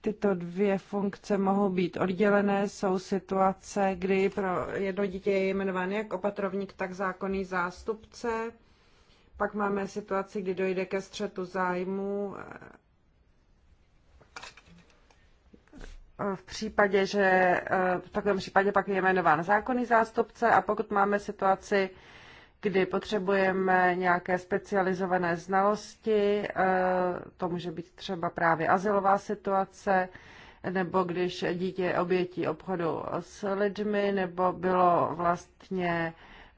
Speaker 1: tyto dvě funkce mohou být oddělené. Jsou situace, kdy pro jedno dítě je jmenován jak opatrovník, tak zákonný zástupce. Pak máme situaci, kdy dojde ke střetu zájmu v případě, že eh, v takovém případě pak je jmenován zákonný zástupce a pokud máme situaci, kdy potřebujeme nějaké specializované znalosti, eh, to může být třeba právě azylová situace, nebo když dítě obětí obchodu s lidmi, nebo bylo vlastně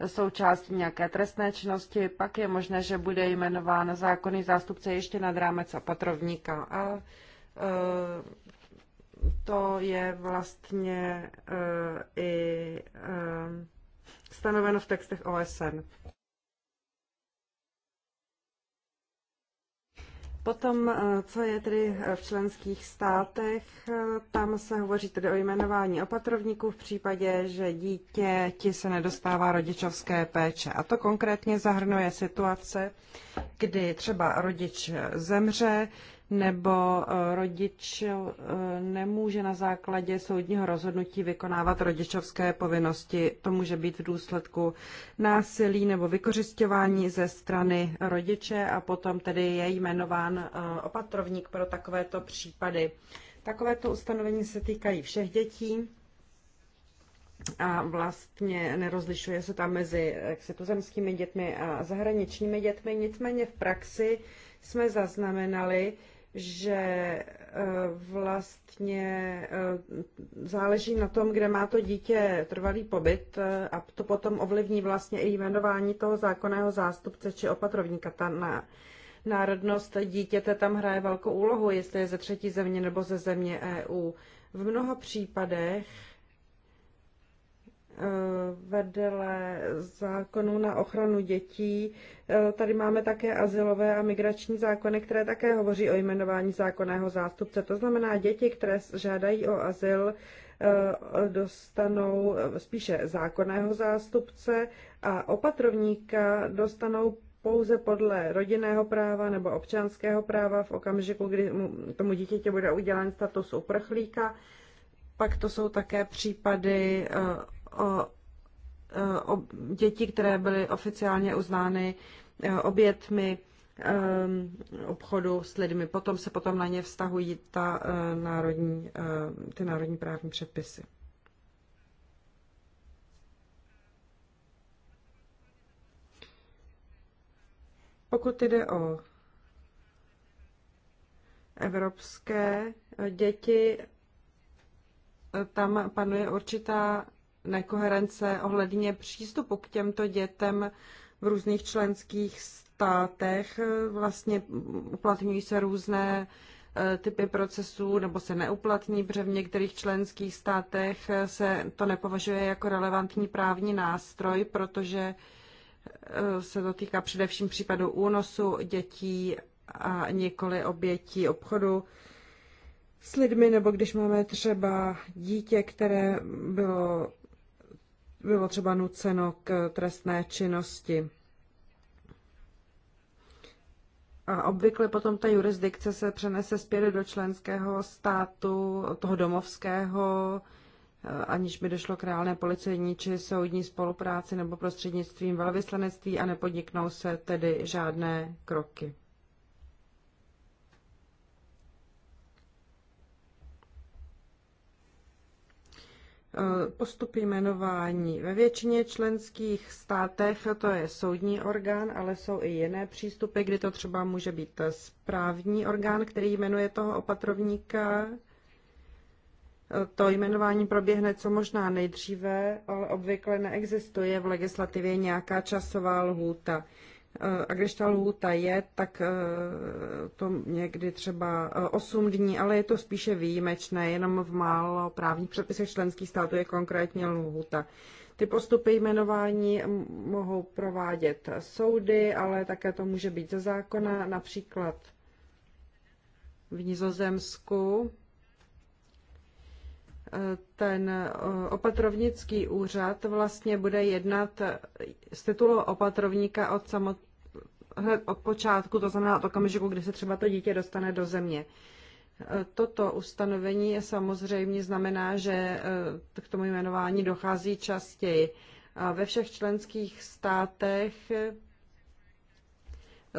Speaker 1: součástí nějaké trestné činnosti, pak je možné, že bude jmenován zákonný zástupce ještě nad rámec opatrovníka. A eh, to je vlastně eh, i eh, stanoveno v textech OSN. Potom, eh, co je tedy v členských státech, tam se hovoří tedy o jmenování opatrovníků v případě, že dítě ti se nedostává rodičovské péče. A to konkrétně zahrnuje situace, kdy třeba rodič zemře, nebo eh, rodič eh, nemůže na základě soudního rozhodnutí vykonávat rodičovské povinnosti. To může být v důsledku násilí nebo vykořišťování ze strany rodiče a potom tedy je jmenován eh, opatrovník pro takovéto případy. Takovéto ustanovení se týkají všech dětí a vlastně nerozlišuje se tam mezi tuzemskými dětmi a zahraničními dětmi. Nicméně v praxi jsme zaznamenali, že eh, vlastně eh, záleží na tom, kde má to dítě trvalý pobyt eh, a to potom ovlivní vlastně i jmenování toho zákonného zástupce či opatrovníka. Ta na národnost dítěte tam hraje velkou úlohu, jestli je ze třetí země nebo ze země EU. V mnoha případech Eh, vedle zákonů na ochranu dětí. Eh, tady máme také asilové a migrační zákony, které také hovoří o jmenování zákonného zástupce. To znamená, děti, které žádají o azyl, eh, dostanou spíše zákonného zástupce a opatrovníka dostanou pouze podle rodinného práva nebo občanského práva v okamžiku, kdy tomu dítěti bude udělen status uprchlíka. Pak to jsou také případy o děti, které byly oficiálně uznány e, obětmi e, obchodu s lidmi. Potom se potom na ně vztahují ta, e, národní, ty národní právní předpisy. Pokud jde o evropské děti, tam panuje určitá nekoherence ohledně přístupu k těmto dětem v různých členských státech. Vlastně uplatňují se různé e, typy procesů nebo se neuplatní, protože v některých členských státech se to nepovažuje jako relevantní právní nástroj, protože e, se to týká především případu únosu dětí a nikoli obětí obchodu s lidmi, nebo když máme třeba dítě, které bylo bylo třeba nuceno k trestné činnosti. A obvykle potom ta jurisdikce se přenese zpět do členského státu, toho domovského, aniž by došlo k reálné policejní či soudní spolupráci nebo prostřednictvím velvyslanectví a nepodniknou se tedy žádné kroky. Eh, postupy jmenování. Ve většině členských státech to je soudní orgán, ale jsou i jiné přístupy, kdy to třeba může být eh, správní orgán, který jmenuje toho opatrovníka. Eh, to jmenování proběhne co možná nejdříve, ale obvykle neexistuje v legislativě nějaká časová lhůta a když ta lhůta je, tak eh, to někdy třeba 8 eh, dní, ale je to spíše výjimečné, jenom v málo právních předpisech členských států je konkrétně lhůta. Ty postupy jmenování mohou provádět soudy, ale také to může být ze zákona, například v Nizozemsku ten eh, opatrovnický úřad vlastně bude jednat eh, z titulu opatrovníka od, samot, od počátku, to znamená od okamžiku, kdy se třeba to dítě dostane do země. Eh, toto ustanovení je samozřejmě znamená, že k tomu jmenování dochází častěji. Ve všech členských státech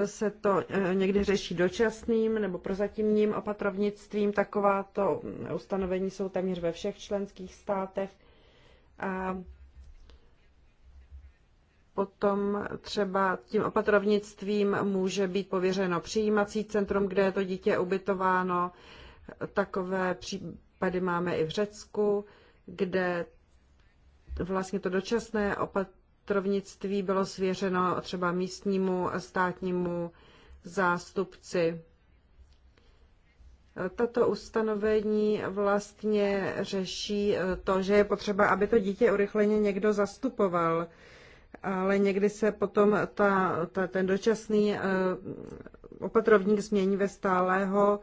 Speaker 1: se to eh, někdy řeší dočasným nebo prozatímním opatrovnictvím. Takováto mm, ustanovení jsou téměř ve všech členských státech. A potom třeba tím opatrovnictvím může být pověřeno přijímací centrum, kde je to dítě ubytováno. Takové případy máme i v Řecku, kde vlastně to dočasné opat opatrovnictví bylo svěřeno třeba místnímu a státnímu zástupci. Tato ustanovení vlastně řeší to, že je potřeba, aby to dítě urychleně někdo zastupoval, ale někdy se potom ta, ta, ten dočasný eh, opatrovník změní ve stálého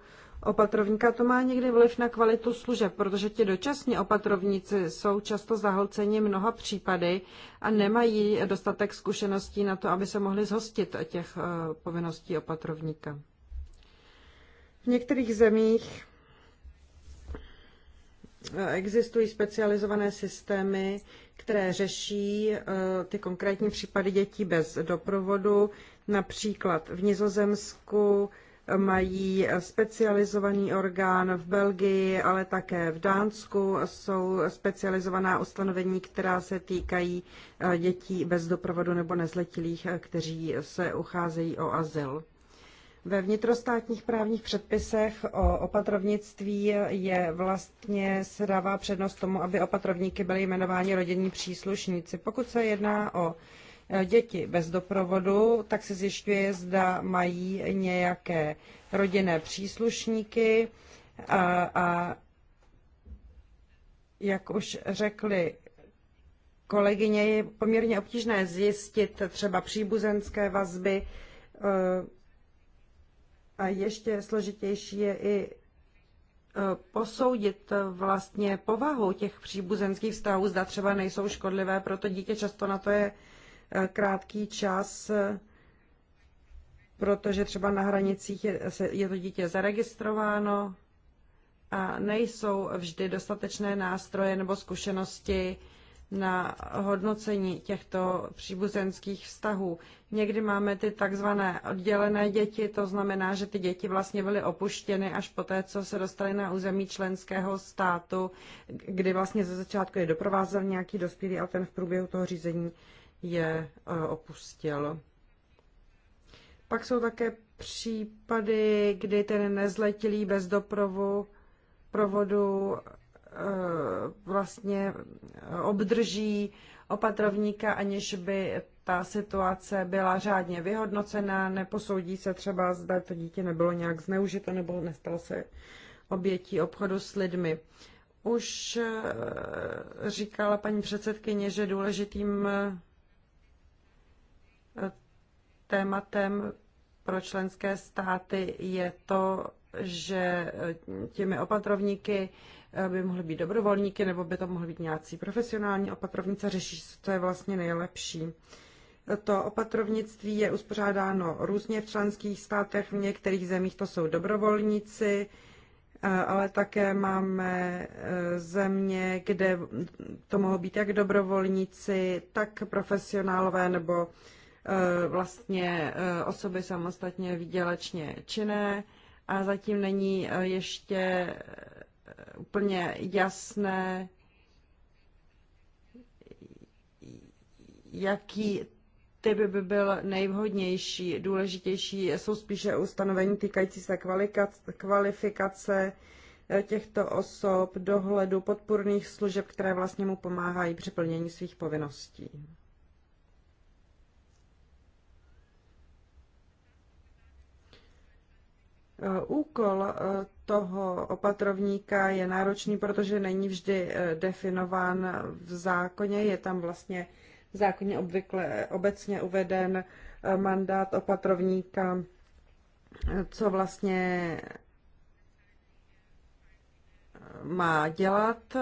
Speaker 1: opatrovníka, to má někdy vliv na kvalitu služeb, protože ti dočasní opatrovníci jsou často zahlceni mnoha případy a nemají dostatek zkušeností na to, aby se mohli zhostit těch eh, povinností opatrovníka. V některých zemích eh, existují specializované systémy, které řeší eh, ty konkrétní případy dětí bez doprovodu. Například v Nizozemsku mají specializovaný orgán v Belgii, ale také v Dánsku. Jsou specializovaná ustanovení, která se týkají eh, dětí bez doprovodu nebo nezletilých, eh, kteří se ucházejí o azyl. Ve vnitrostátních právních předpisech o opatrovnictví je vlastně se dává přednost tomu, aby opatrovníky byly jmenováni rodinní příslušníci. Pokud se jedná o Eh, děti bez doprovodu, tak se zjišťuje, zda mají nějaké rodinné příslušníky a, a jak už řekli kolegyně, je poměrně obtížné zjistit třeba příbuzenské vazby eh, a ještě složitější je i eh, posoudit vlastně povahu těch příbuzenských vztahů, zda třeba nejsou škodlivé, proto dítě často na to je krátký čas, protože třeba na hranicích je, je to dítě zaregistrováno a nejsou vždy dostatečné nástroje nebo zkušenosti na hodnocení těchto příbuzenských vztahů. Někdy máme ty takzvané oddělené děti, to znamená, že ty děti vlastně byly opuštěny až po té, co se dostaly na území členského státu, kdy vlastně ze začátku je doprovázel nějaký dospělý a ten v průběhu toho řízení je eh, opustil. Pak jsou také případy, kdy ten nezletilý bez doprovu provodu eh, vlastně eh, obdrží opatrovníka, aniž by ta situace byla řádně vyhodnocená, neposoudí se třeba, zda to dítě nebylo nějak zneužito nebo nestalo se obětí obchodu s lidmi. Už říkala paní předsedkyně, že důležitým tématem pro členské státy je to, že eh, těmi opatrovníky eh, by mohly být dobrovolníky nebo by to mohly být nějací profesionální opatrovníci, řeší se, co je vlastně nejlepší. To opatrovnictví je uspořádáno různě v členských státech, v některých zemích to jsou dobrovolníci, eh, ale také máme země, kde to mohou být jak dobrovolníci, tak profesionálové nebo Eh, vlastně eh, osoby samostatně výdělečně činné a zatím není eh, ještě úplně jasné, jaký typ by byl nejvhodnější. Důležitější jsou spíše ustanovení týkající se kvalifikace těchto osob, dohledu podpůrných služeb, které vlastně mu pomáhají při plnění svých povinností. Eh, úkol eh, toho opatrovníka je náročný, protože není vždy eh, definován v zákoně. Je tam vlastně v zákoně obvykle obecně uveden mandát opatrovníka, co vlastně má dělat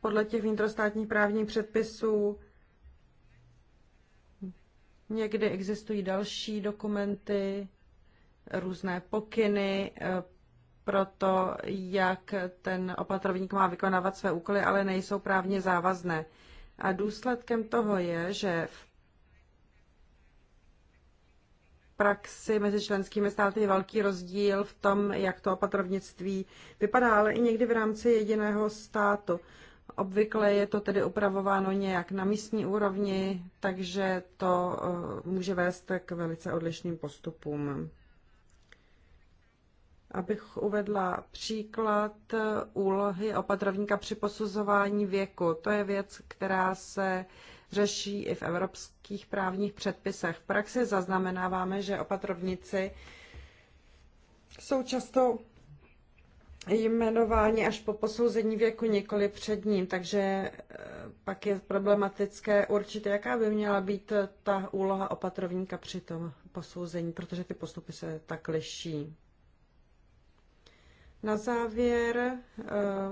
Speaker 1: podle těch vnitrostátních právních předpisů. Někdy existují další dokumenty, různé pokyny eh, pro to, jak ten opatrovník má vykonávat své úkoly, ale nejsou právně závazné. A důsledkem toho je, že v praxi mezi členskými státy je velký rozdíl v tom, jak to opatrovnictví vypadá, ale i někdy v rámci jediného státu. Obvykle je to tedy upravováno nějak na místní úrovni, takže to eh, může vést k velice odlišným postupům. Abych uvedla příklad úlohy opatrovníka při posuzování věku. To je věc, která se řeší i v evropských právních předpisech. V praxi zaznamenáváme, že opatrovníci jsou často jmenováni až po posouzení věku, nikoli před ním, takže eh, pak je problematické určitě, jaká by měla být ta úloha opatrovníka při tom posouzení, protože ty postupy se tak liší. Na závěr, eh,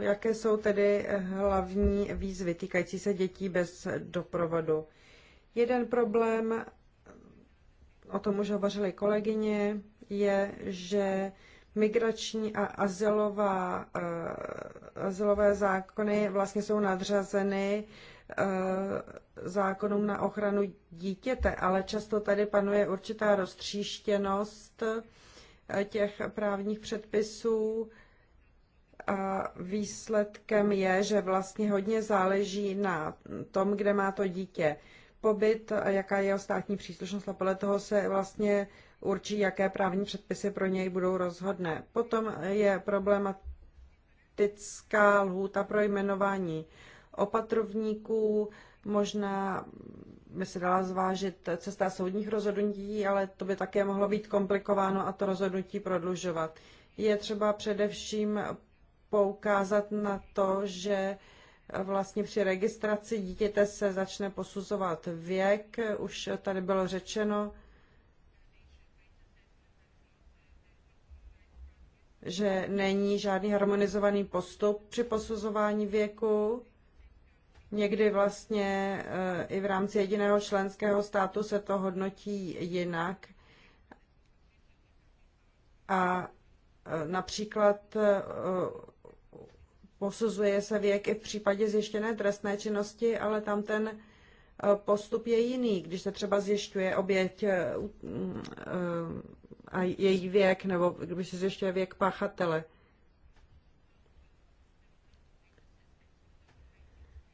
Speaker 1: jaké jsou tedy eh, hlavní výzvy týkající se dětí bez doprovodu? Jeden problém, eh, o tom už hovořili kolegyně, je, že migrační a azylová, azylové zákony vlastně jsou nadřazeny zákonům na ochranu dítěte, ale často tady panuje určitá roztříštěnost těch právních předpisů. A výsledkem je, že vlastně hodně záleží na tom, kde má to dítě pobyt, jaká je jeho státní příslušnost a podle toho se vlastně určí, jaké právní předpisy pro něj budou rozhodné. Potom je problematická lhůta pro jmenování opatrovníků, možná by se dala zvážit cesta soudních rozhodnutí, ale to by také mohlo být komplikováno a to rozhodnutí prodlužovat. Je třeba především poukázat na to, že vlastně při registraci dítěte se začne posuzovat věk, už tady bylo řečeno, že není žádný harmonizovaný postup při posuzování věku Někdy vlastně eh, i v rámci jediného členského státu se to hodnotí jinak. A eh, například eh, posuzuje se věk i v případě zjištěné trestné činnosti, ale tam ten postup je jiný, když se třeba zjišťuje oběť mm, a její věk, nebo když se zjišťuje věk pachatele.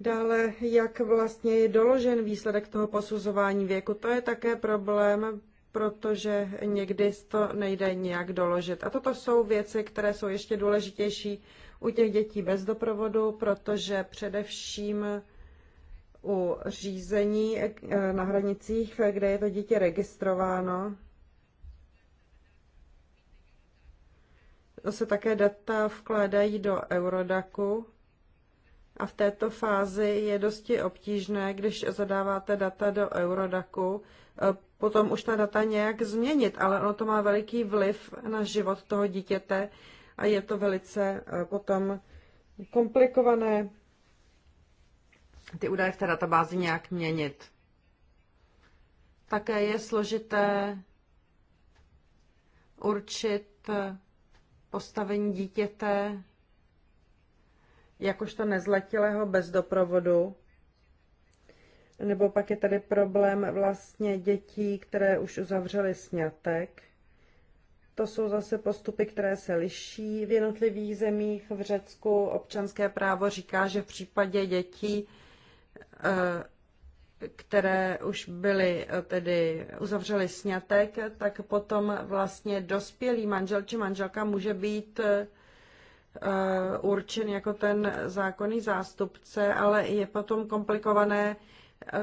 Speaker 1: Dále, jak vlastně je doložen výsledek toho posuzování věku, to je také problém, protože někdy to nejde nějak doložit. A toto jsou věci, které jsou ještě důležitější u těch dětí bez doprovodu, protože především u řízení eh, na hranicích, kde je to dítě registrováno, se také data vkládají do Eurodaku a v této fázi je dosti obtížné, když zadáváte data do Eurodaku, eh, potom už ta data nějak změnit, ale ono to má veliký vliv na život toho dítěte a je to velice eh, potom komplikované ty údaje v té databázi nějak měnit. Také je složité určit eh, postavení dítěte jakožto nezletilého bez doprovodu. Nebo pak je tady problém vlastně dětí, které už uzavřely sňatek. To jsou zase postupy, které se liší v jednotlivých zemích. V Řecku občanské právo říká, že v případě dětí, eh, které už byly, eh, tedy uzavřely sňatek, tak potom vlastně dospělý manžel či manželka může být eh, Eh, určen jako ten zákonný zástupce, ale je potom komplikované, eh,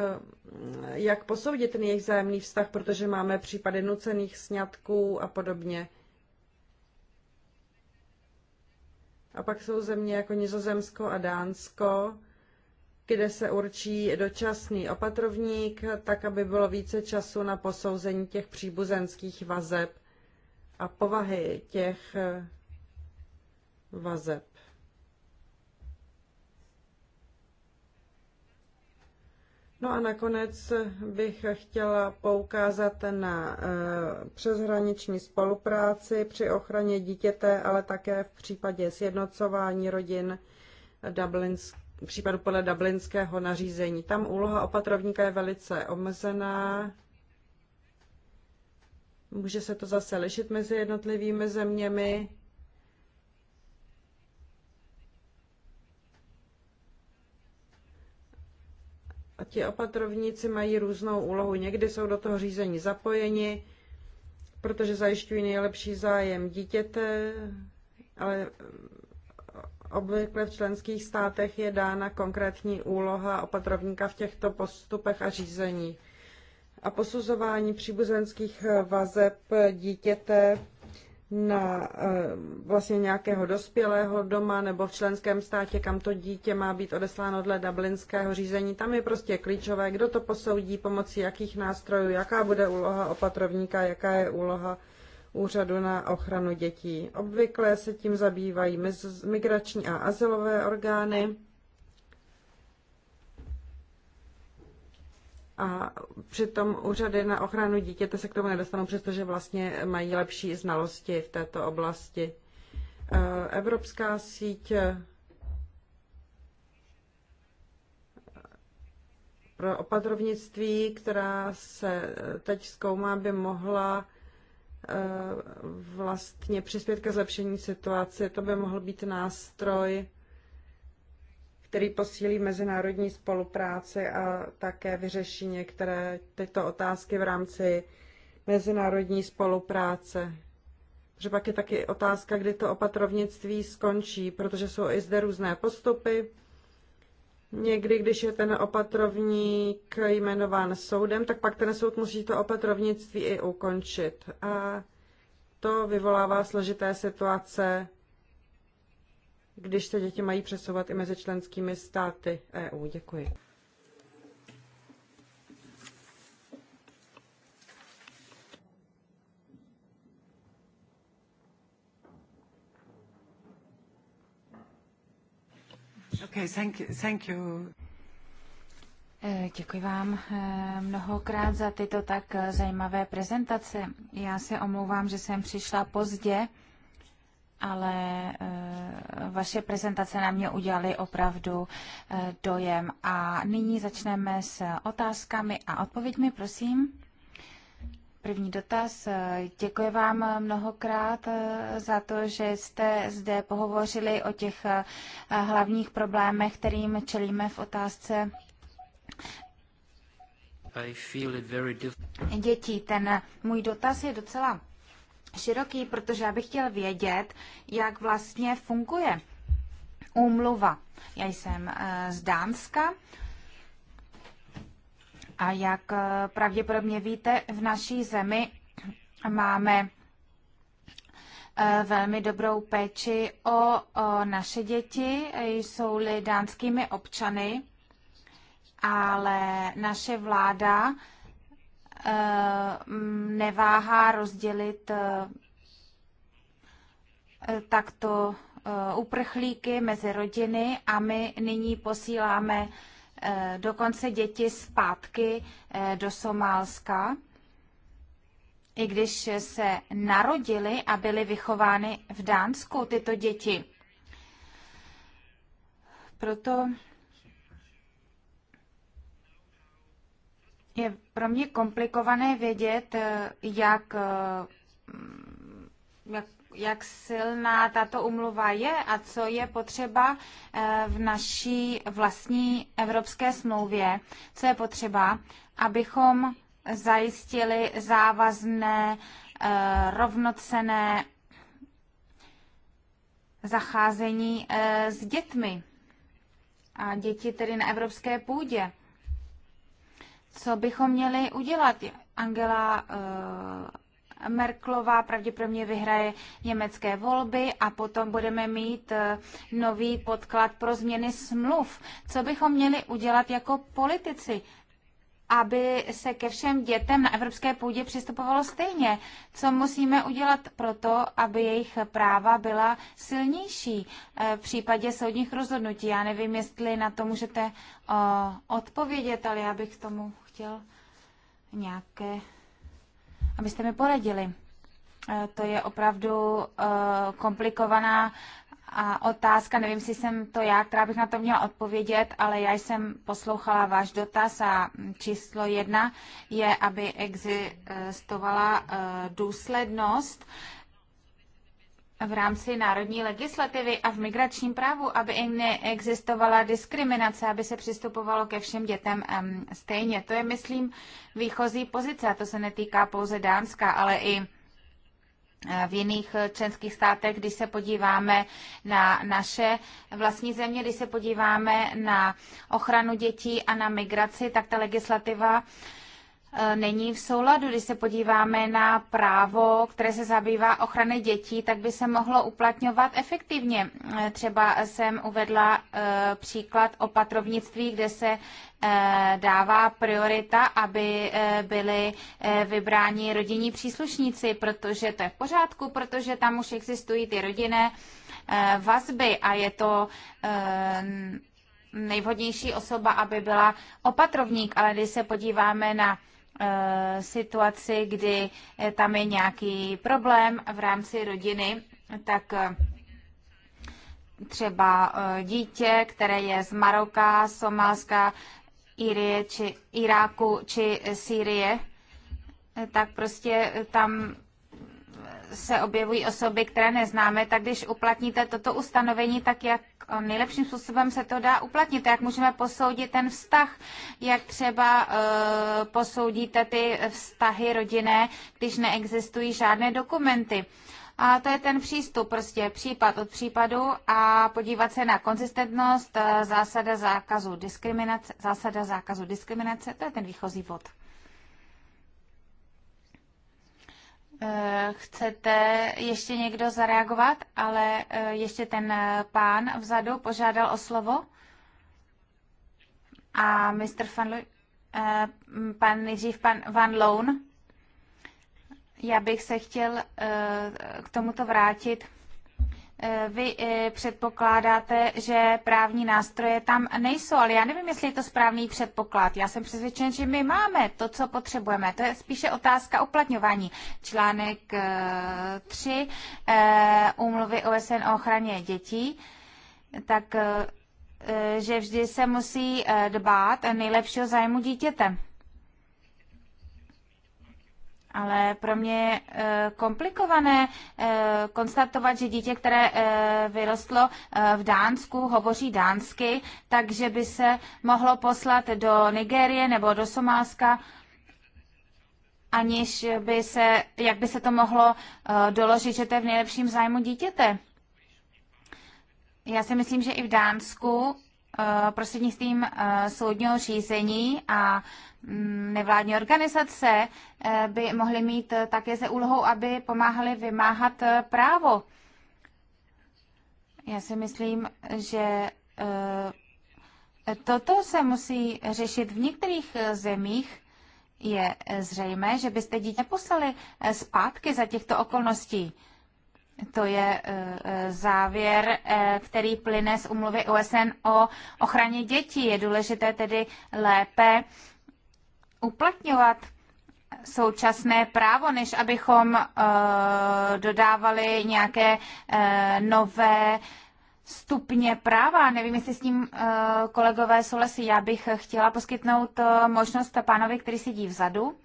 Speaker 1: jak posoudit ten jejich zájemný vztah, protože máme případy nucených sňatků a podobně. A pak jsou země jako Nizozemsko a Dánsko, kde se určí dočasný opatrovník, tak aby bylo více času na posouzení těch příbuzenských vazeb a povahy těch eh, vazeb. No a nakonec bych chtěla poukázat na eh, přeshraniční spolupráci při ochraně dítěte, ale také v případě sjednocování rodin Dublinsk, případu podle dublinského nařízení. Tam úloha opatrovníka je velice omezená. Může se to zase lišit mezi jednotlivými zeměmi. ti opatrovníci mají různou úlohu. Někdy jsou do toho řízení zapojeni, protože zajišťují nejlepší zájem dítěte, ale obvykle v členských státech je dána konkrétní úloha opatrovníka v těchto postupech a řízení. A posuzování příbuzenských vazeb dítěte na eh, vlastně nějakého dospělého doma nebo v členském státě, kam to dítě má být odesláno dle dublinského řízení. Tam je prostě klíčové, kdo to posoudí, pomocí jakých nástrojů, jaká bude úloha opatrovníka, jaká je úloha Úřadu na ochranu dětí. Obvykle se tím zabývají migrační a asilové orgány. A přitom úřady na ochranu dítěte se k tomu nedostanou, přestože vlastně mají lepší znalosti v této oblasti. E, Evropská síť e, pro opatrovnictví, která se teď zkoumá, by mohla e, vlastně přispět ke zlepšení situace. To by mohl být nástroj, který posílí mezinárodní spolupráci a také vyřeší některé tyto otázky v rámci mezinárodní spolupráce. Že pak je taky otázka, kdy to opatrovnictví skončí, protože jsou i zde různé postupy. Někdy, když je ten opatrovník jmenován soudem, tak pak ten soud musí to opatrovnictví i ukončit. A to vyvolává složité situace když se děti mají přesouvat i mezi členskými státy EU. Děkuji. Okay, thank you, thank you.
Speaker 2: Eh, děkuji vám eh, mnohokrát za tyto tak eh, zajímavé prezentace. Já se omlouvám, že jsem přišla pozdě ale eh, vaše prezentace na mě udělaly opravdu eh, dojem. A nyní začneme s otázkami a odpověďmi, prosím. První dotaz. Děkuji vám mnohokrát eh, za to, že jste zde pohovořili o těch hlavních problémech, kterým čelíme v otázce dětí. Ten můj dotaz je docela široký, protože já bych chtěl vědět, jak vlastně funguje úmluva. Já jsem eh, z Dánska a jak eh, pravděpodobně víte, v naší zemi máme eh, velmi dobrou péči o, o naše děti, jsou-li dánskými občany, ale naše vláda Eh, neváhá rozdělit eh, takto eh, uprchlíky mezi rodiny a my nyní posíláme dokonce děti zpátky do Somálska, i když se narodili a byly vychovány v Dánsku tyto děti. Proto je pro mě komplikované vědět, eh, jak, eh, jak, jak silná tato umluva je a co je potřeba eh, v naší vlastní evropské smlouvě, co je potřeba, abychom zajistili závazné, rovnocené zacházení s dětmi. A děti tedy na evropské půdě co bychom měli udělat. Angela uh, Merklová pravděpodobně vyhraje německé volby a potom budeme mít uh, nový podklad pro změny smluv. Co bychom měli udělat jako politici? aby se ke všem dětem na evropské půdě přistupovalo stejně. Co musíme udělat proto, aby jejich práva byla silnější eh, v případě soudních rozhodnutí? Já nevím, jestli na to můžete odpovědět, ale já bych k tomu chtěl nějaké, abyste mi poradili. E, to je opravdu e, komplikovaná a otázka, nevím, jestli jsem to já, která bych na to měla odpovědět, ale já jsem poslouchala váš dotaz a číslo jedna je, aby existovala e, důslednost v rámci národní legislativy a v migračním právu, aby i neexistovala diskriminace, aby se přistupovalo ke všem dětem um, stejně. To je, myslím, výchozí pozice a to se netýká pouze Dánska, ale i eh, v jiných eh, členských státech, když se podíváme na naše vlastní země, když se podíváme na ochranu dětí a na migraci, tak ta legislativa uh, E, není v souladu. Když se podíváme na právo, které se zabývá ochrany dětí, tak by se mohlo uplatňovat efektivně. E, třeba jsem uvedla e, příklad opatrovnictví, kde se dává priorita, aby byli vybráni rodinní příslušníci, protože to je v pořádku, protože tam už existují ty rodinné vazby a je to nejvhodnější osoba, aby byla opatrovník, ale když se podíváme na Eh, situaci, kdy eh, tam je nějaký problém v rámci rodiny, tak eh, třeba dítě, které je z Maroka, Somálska, Irie, či Iráku či Sýrie, tak prostě tam se objevují osoby, které neznáme, tak když uplatníte toto ustanovení, tak jak nejlepším způsobem se to dá uplatnit, jak můžeme posoudit ten vztah, jak třeba e, posoudíte ty vztahy rodinné, když neexistují žádné dokumenty. A to je ten přístup, prostě případ od případu a podívat se na konzistentnost, e, zásada zákazu diskriminace, zásada zákazu diskriminace, to je ten výchozí bod. Eh, chcete ještě někdo zareagovat, ale eh, ještě ten eh, pán vzadu požádal o slovo. A Mr. Van, pan nejdřív pan Van Loan. Já bych se chtěl k tomuto vrátit. Eh, vy eh, předpokládáte, že právní nástroje tam nejsou, ale já nevím, jestli je to správný předpoklad. Já jsem přesvědčen, že my máme to, co potřebujeme. To je spíše otázka uplatňování. Článek 3 eh, úmluvy OSN o ochraně dětí, tak že vždy se musí dbát nejlepšího zájmu dítěte. Ale pro mě je eh, komplikované eh, konstatovat, že dítě, které eh, vyrostlo v Dánsku, hovoří dánsky, takže by se mohlo poslat do Nigérie nebo do Somálska, aniž by se, jak by se to mohlo doložit, že to je v nejlepším zájmu dítěte. Já si myslím, že i v Dánsku Eh, prostřednictvím eh, soudního řízení a mm, nevládní organizace eh, by mohly mít také ze úlohou, aby pomáhali vymáhat právo. Já si myslím, že toto se musí řešit v některých zemích. Je zřejmé, že byste dítě poslali zpátky za těchto okolností. To je eh, eh, závěr, eh, který plyne z umluvy OSN o ochraně dětí. Je důležité tedy lépe uplatňovat současné právo, než abychom dodávali nějaké nové stupně práva. Nevím, jestli s tím kolegové souhlasí. Já bych chtěla poskytnout možnost pánovi, který sedí vzadu.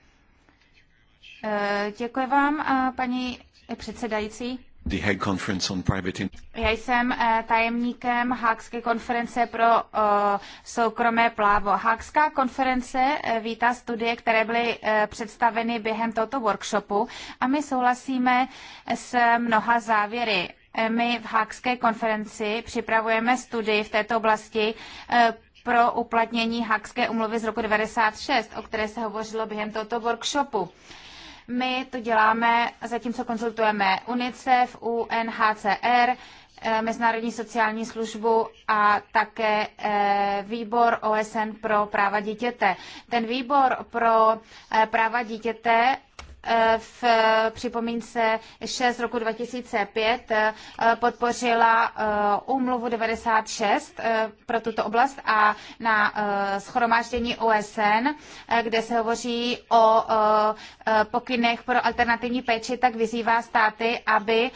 Speaker 2: Děkuji vám, paní předsedající.
Speaker 1: The Hague Conference on Private
Speaker 2: Já jsem eh, tajemníkem Hákské konference pro eh, soukromé plávo. Hákská konference eh, vítá studie, které byly představeny během tohoto workshopu a my souhlasíme s mnoha závěry. My v Hákské konferenci připravujeme studii v této oblasti pro uplatnění Hákské umluvy z roku 96, o které se hovořilo během tohoto workshopu. My to děláme, zatímco konzultujeme UNICEF, UNHCR, eh, Mezinárodní sociální službu a také eh, výbor OSN pro práva dítěte. Ten výbor pro eh, práva dítěte v připomínce 6 roku 2005 eh, podpořila eh, úmluvu 96 eh, pro tuto oblast a na schromáždění OSN, kde se hovoří o pokynech pro alternativní péči, tak vyzývá státy, aby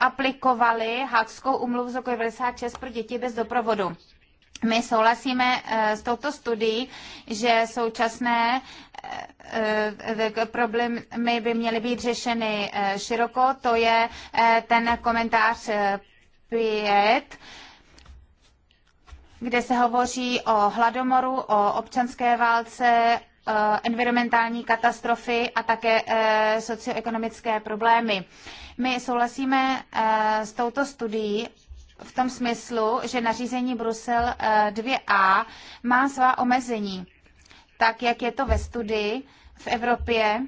Speaker 2: aplikovali Hákskou úmluvu z roku 96 pro děti bez doprovodu. My souhlasíme eh, s touto studií, že současné eh, eh, problémy by měly být řešeny široko. To je ten komentář 5 kde se hovoří o hladomoru, o občanské válce, environmentální katastrofy a také socioekonomické problémy. My souhlasíme s touto studií v tom smyslu, že nařízení Brusel 2a eh, má svá omezení. Tak, jak je to ve studii v Evropě,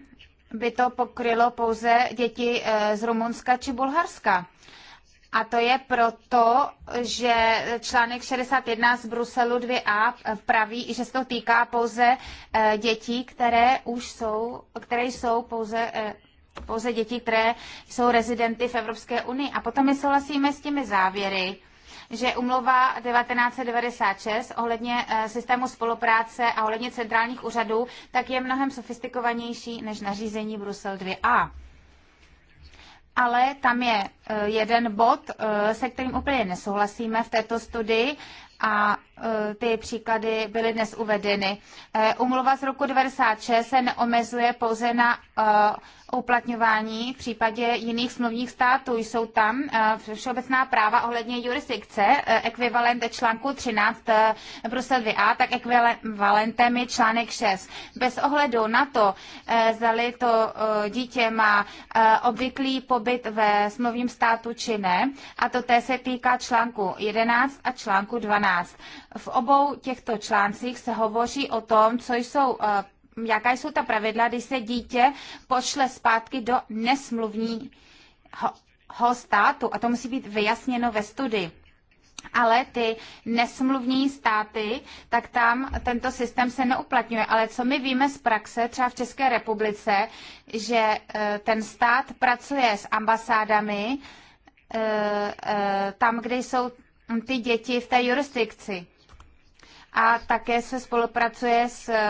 Speaker 2: by to pokrylo pouze děti eh, z Rumunska či Bulharska. A to je proto, že článek 61 z Bruselu 2a praví, že se to týká pouze eh, dětí, které už jsou, které jsou pouze pouze děti, které jsou rezidenty v Evropské unii. A potom my souhlasíme s těmi závěry, že umlova 1996 ohledně eh, systému spolupráce a ohledně centrálních úřadů tak je mnohem sofistikovanější než nařízení Brusel 2a. Ale tam je eh, jeden bod, eh, se kterým úplně nesouhlasíme v této studii, a e, ty příklady byly dnes uvedeny. E, umluva z roku 96 se neomezuje pouze na e, uplatňování v případě jiných smluvních států. Jsou tam všeobecná práva ohledně jurisdikce. Ekvivalent článku 13 Brusel 2a, tak ekvivalentem je článek 6. Bez ohledu na to, zda-li to dítě má obvyklý pobyt ve smluvním státu či ne, a to té se týká článku 11 a článku 12 12. V obou těchto článcích se hovoří o tom, co jsou eh, jaká jsou ta pravidla, když se dítě pošle zpátky do nesmluvního státu. A to musí být vyjasněno ve studii. Ale ty nesmluvní státy, tak tam tento systém se neuplatňuje. Ale co my víme z praxe, třeba v České republice, že eh, ten stát pracuje s ambasádami, eh, tam, kde jsou ty děti v té jurisdikci. A také se spolupracuje s eh,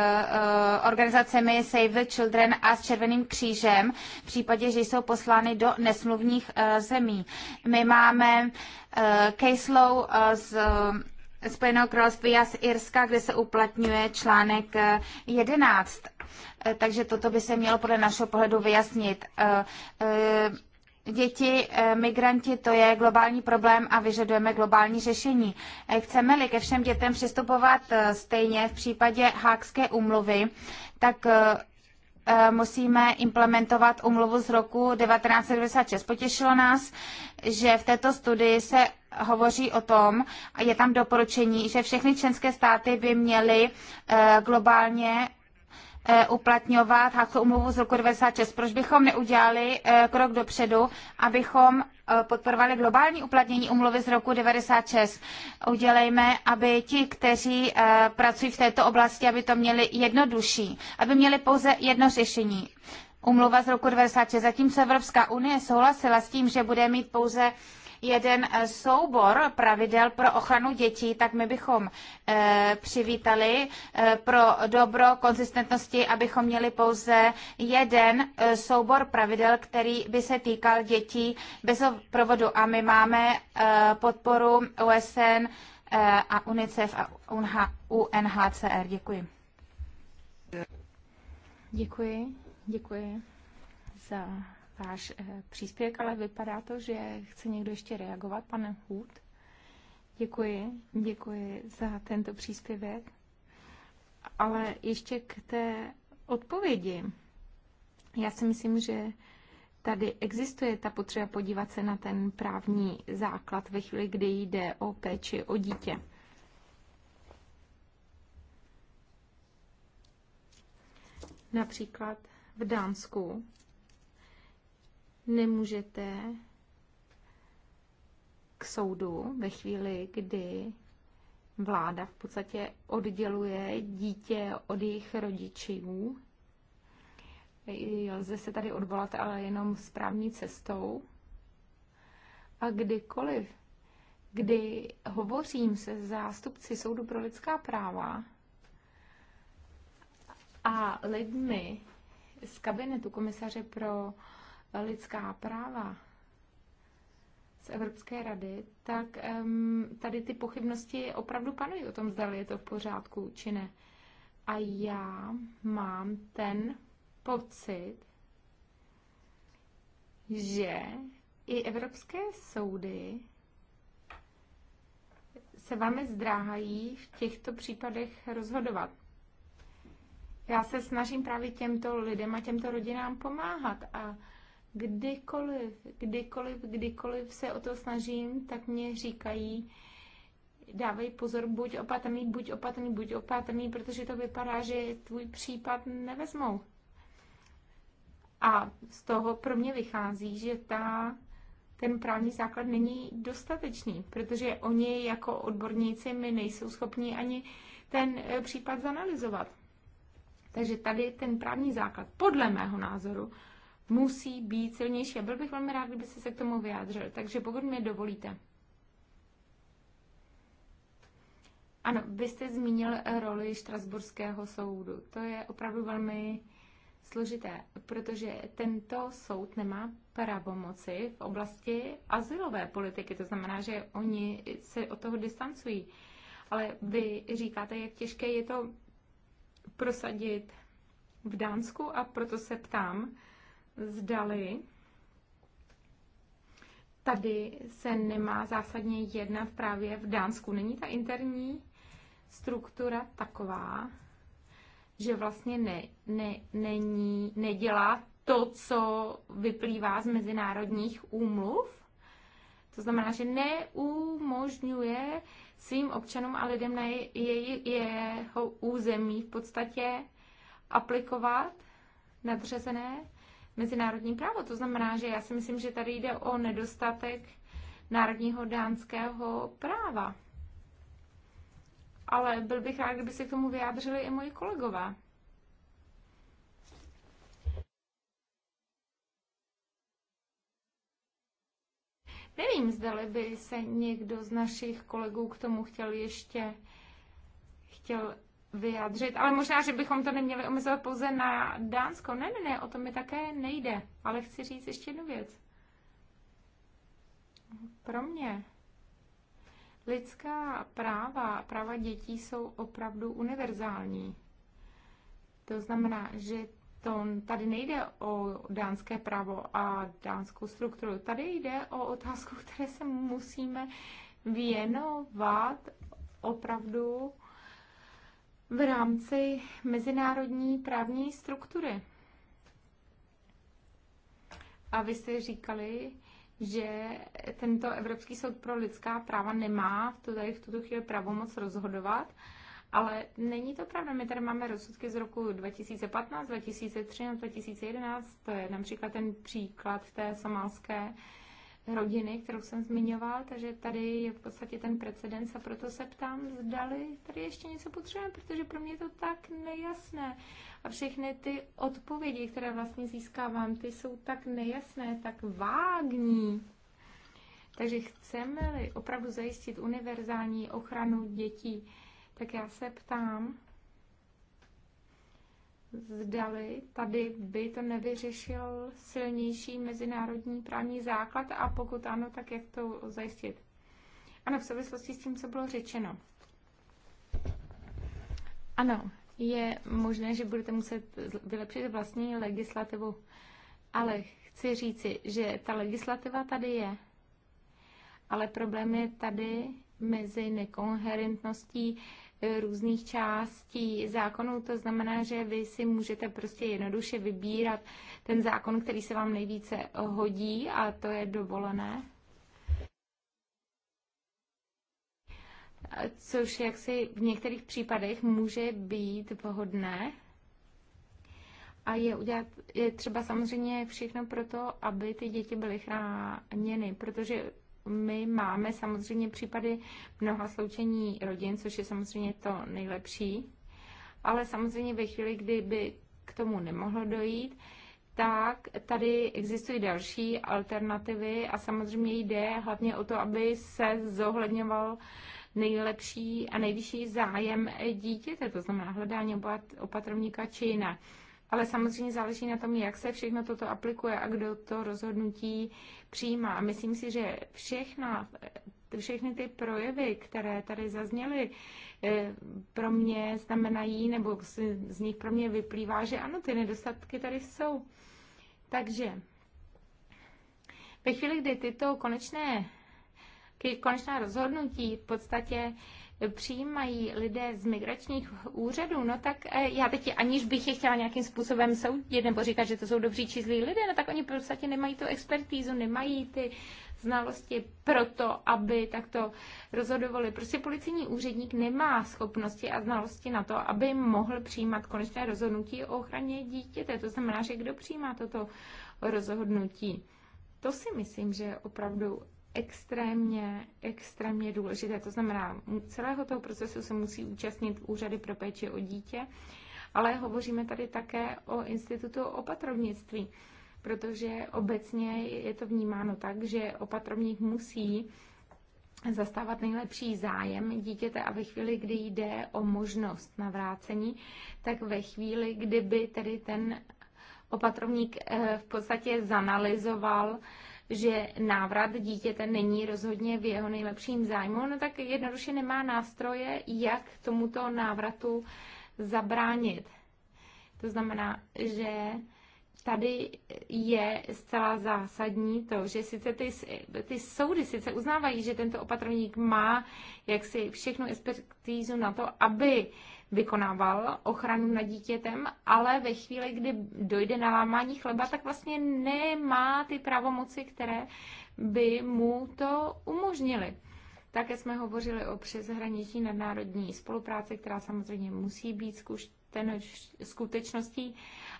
Speaker 2: organizacemi Save the Children a s Červeným křížem v případě, že jsou poslány do nesmluvních eh, zemí. My máme eh, case law z Spojeného království a z Irska, kde se uplatňuje článek 11. Takže toto by se mělo podle našeho pohledu vyjasnit. Děti, eh, migranti, to je globální problém a vyžadujeme globální řešení. Eh, chceme-li ke všem dětem přistupovat eh, stejně v případě Hákské umluvy, tak musíme implementovat umluvu z roku 1996. Potěšilo nás, že v této studii se hovoří o tom, a je tam doporučení, že všechny členské státy by měly globálně Eh, uplatňovat Hákskou umluvu z roku 96. Proč bychom neudělali eh, krok dopředu, abychom eh, podporovali globální uplatnění umluvy z roku 96. Udělejme, aby ti, kteří pracují v této oblasti, aby to měli jednodušší, aby měli pouze jedno řešení. Umluva z roku 96, zatímco Evropská unie souhlasila s tím, že bude mít pouze jeden eh, soubor pravidel pro ochranu dětí, tak my bychom eh, přivítali eh, pro dobro konzistentnosti, abychom měli pouze jeden soubor pravidel, který by se týkal dětí bez provodu. A my máme podporu OSN a UNICEF a UNHCR. Děkuji. Děkuji, děkuji za váš eh, příspěvek, ale vypadá to,
Speaker 3: že chce někdo ještě reagovat, pane Hůd. Děkuji, děkuji za tento příspěvek. Ale ještě k té odpovědi. Já si myslím, že tady existuje ta potřeba podívat se na ten právní základ ve chvíli, kdy jde o péči o dítě. Například v Dánsku nemůžete k soudu ve chvíli, kdy vláda v podstatě odděluje dítě od jejich rodičů. Lze se tady odvolat ale jenom správní cestou. A kdykoliv, kdy hovořím se zástupci Soudu pro lidská práva a lidmi z kabinetu komisaře pro lidská práva z Evropské rady, tak um, tady ty pochybnosti opravdu panují o tom, zda je to v pořádku či ne. A já mám ten pocit, že i evropské soudy se vámi zdráhají v těchto případech rozhodovat. Já se snažím právě těmto lidem a těmto rodinám pomáhat a Kdykoliv, kdykoliv, kdykoliv se o to snažím, tak mě říkají, dávej pozor, buď opatrný, buď opatrný, buď opatrný, protože to vypadá, že tvůj případ nevezmou. A z toho pro mě vychází, že ta, ten právní základ není dostatečný, protože oni jako odborníci mi nejsou schopni ani ten eh, případ zanalizovat. Takže tady ten právní základ, podle mého názoru, musí být silnější. A byl bych velmi rád, kdybyste se k tomu vyjádřil. Takže pokud mi dovolíte. Ano, vy jste zmínil roli Štrasburského soudu. To je opravdu velmi složité, protože tento soud nemá pravomoci v oblasti asilové politiky. To znamená, že oni se od toho distancují. Ale vy říkáte, jak těžké je to prosadit v Dánsku a proto se ptám, zdali tady se nemá zásadně jednat právě v Dánsku. Není ta interní struktura taková, že vlastně ne, ne, není, nedělá to, co vyplývá z mezinárodních úmluv? To znamená, že neumožňuje svým občanům a lidem na je, je, jeho území v podstatě aplikovat nadřezené mezinárodní právo. To znamená, že já si myslím, že tady jde o nedostatek národního dánského práva. Ale byl bych rád, kdyby se k tomu vyjádřili i moji kolegové. Nevím, zdali by se někdo z našich kolegů k tomu chtěl ještě chtěl vyjádřit, ale možná, že bychom to neměli omezovat pouze na Dánsko. Ne, ne, ne, o to mi také nejde, ale chci říct ještě jednu věc. Pro mě lidská práva, práva dětí jsou opravdu univerzální. To znamená, že to tady nejde o dánské právo a dánskou strukturu. Tady jde o otázku, které se musíme věnovat opravdu v rámci mezinárodní právní struktury. A vy jste říkali, že tento Evropský soud pro lidská práva nemá v tuto, v tuto chvíli pravomoc rozhodovat, ale není to pravda. My tady máme rozsudky z roku 2015, 2013, 2011, to je například ten příklad té somálské rodiny, kterou jsem zmiňovala, takže tady je v podstatě ten precedens a proto se ptám, zdali tady ještě něco potřebujeme, protože pro mě je to tak nejasné a všechny ty odpovědi, které vlastně získávám, ty jsou tak nejasné, tak vágní. Takže chceme-li opravdu zajistit univerzální ochranu dětí, tak já se ptám, zdali tady by to nevyřešil silnější mezinárodní právní základ a pokud ano, tak jak to zajistit. Ano, v souvislosti s tím, co bylo řečeno. Ano, je možné, že budete muset vylepšit vlastní legislativu, ale chci říci, že ta legislativa tady je, ale problém je tady mezi nekoherentností různých částí zákonů. To znamená, že vy si můžete prostě jednoduše vybírat ten zákon, který se vám nejvíce hodí a to je dovolené. Což jaksi v některých případech může být vhodné. A je, udělat, je třeba samozřejmě všechno pro to, aby ty děti byly chráněny, protože my máme samozřejmě případy mnoha sloučení rodin, což je samozřejmě to nejlepší, ale samozřejmě ve chvíli, kdy by k tomu nemohlo dojít, tak tady existují další alternativy a samozřejmě jde hlavně o to, aby se zohledňoval nejlepší a nejvyšší zájem dítěte, to znamená hledání opatrovníka či jiné ale samozřejmě záleží na tom, jak se všechno toto aplikuje a kdo to rozhodnutí přijímá. A myslím si, že všechna, všechny ty projevy, které tady zazněly, eh, pro mě znamenají, nebo z nich pro mě vyplývá, že ano, ty nedostatky tady jsou. Takže ve chvíli, kdy tyto konečné konečná rozhodnutí v podstatě přijímají lidé z migračních úřadů, no tak eh, já teď, aniž bych je chtěla nějakým způsobem soudit nebo říkat, že to jsou dobří či zlí lidé, no tak oni prostě nemají tu expertízu, nemají ty znalosti pro to, aby takto rozhodovali. Prostě policijní úředník nemá schopnosti a znalosti na to, aby mohl přijímat konečné rozhodnutí o ochraně dítěte. To znamená, že kdo přijímá toto rozhodnutí? To si myslím, že je opravdu extrémně, extrémně důležité. To znamená, celého toho procesu se musí účastnit úřady pro péči o dítě, ale hovoříme tady také o institutu opatrovnictví, protože obecně je to vnímáno tak, že opatrovník musí zastávat nejlepší zájem dítěte a ve chvíli, kdy jde o možnost navrácení, tak ve chvíli, kdyby tedy ten opatrovník eh, v podstatě zanalizoval že návrat dítěte není rozhodně v jeho nejlepším zájmu, no tak jednoduše nemá nástroje, jak tomuto návratu zabránit. To znamená, že tady je zcela zásadní to, že sice ty, ty soudy sice uznávají, že tento opatrovník má jaksi všechnu expertízu na to, aby vykonával ochranu nad dítětem, ale ve chvíli, kdy dojde na lámání chleba, tak vlastně nemá ty pravomoci, které by mu to umožnily. Také jsme hovořili o přeshraniční nadnárodní spolupráci, která samozřejmě musí být zkušten, skutečností,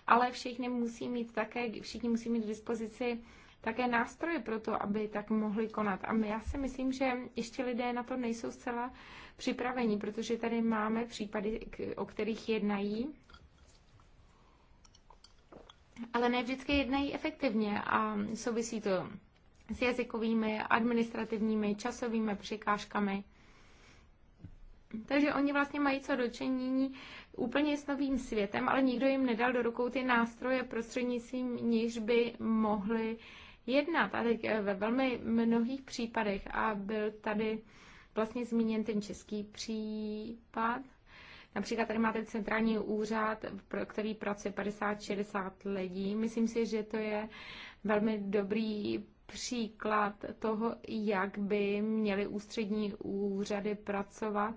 Speaker 3: ale všichni musí mít také, všichni musí mít k dispozici také nástroje pro to, aby tak mohli konat. A já si myslím, že ještě lidé na to nejsou zcela připraveni, protože tady máme případy, o kterých jednají, ale ne vždycky jednají efektivně a souvisí to s jazykovými, administrativními, časovými překážkami. Takže oni vlastně mají co dočinění úplně s novým světem, ale nikdo jim nedal do rukou ty nástroje prostřednictvím, níž by mohli jednat. A teď eh, ve velmi mnohých případech, a byl tady vlastně zmíněn ten český případ, Například tady máte centrální úřad, pro který pracuje 50-60 lidí. Myslím si, že to je velmi dobrý příklad toho, jak by měly ústřední úřady pracovat.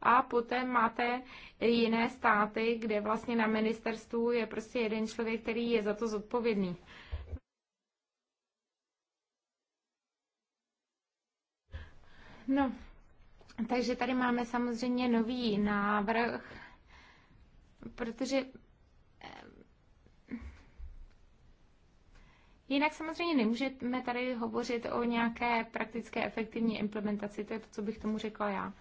Speaker 3: A poté máte jiné státy, kde vlastně na ministerstvu je prostě jeden člověk, který je za to zodpovědný. No, takže tady máme samozřejmě nový návrh, protože Jinak samozřejmě nemůžeme tady hovořit o nějaké praktické efektivní implementaci, to je to, co bych tomu řekla já.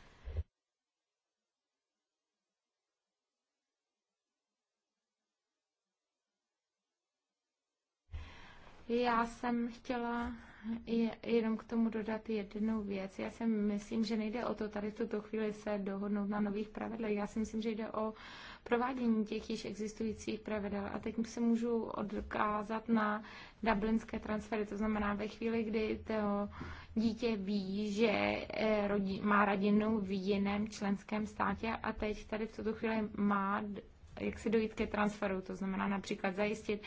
Speaker 3: Já jsem chtěla je, jenom k tomu dodat jednu věc. Já si myslím, že nejde o to tady v tuto chvíli se dohodnout na nových pravidlech. Já si myslím, že jde o provádění těch již existujících pravidel. A teď se můžu odkázat na dublinské transfery. To znamená ve chvíli, kdy to dítě ví, že eh, rodin, má rodinu v jiném členském státě a teď tady v tuto chvíli má jak se dojít ke transferu, to znamená například zajistit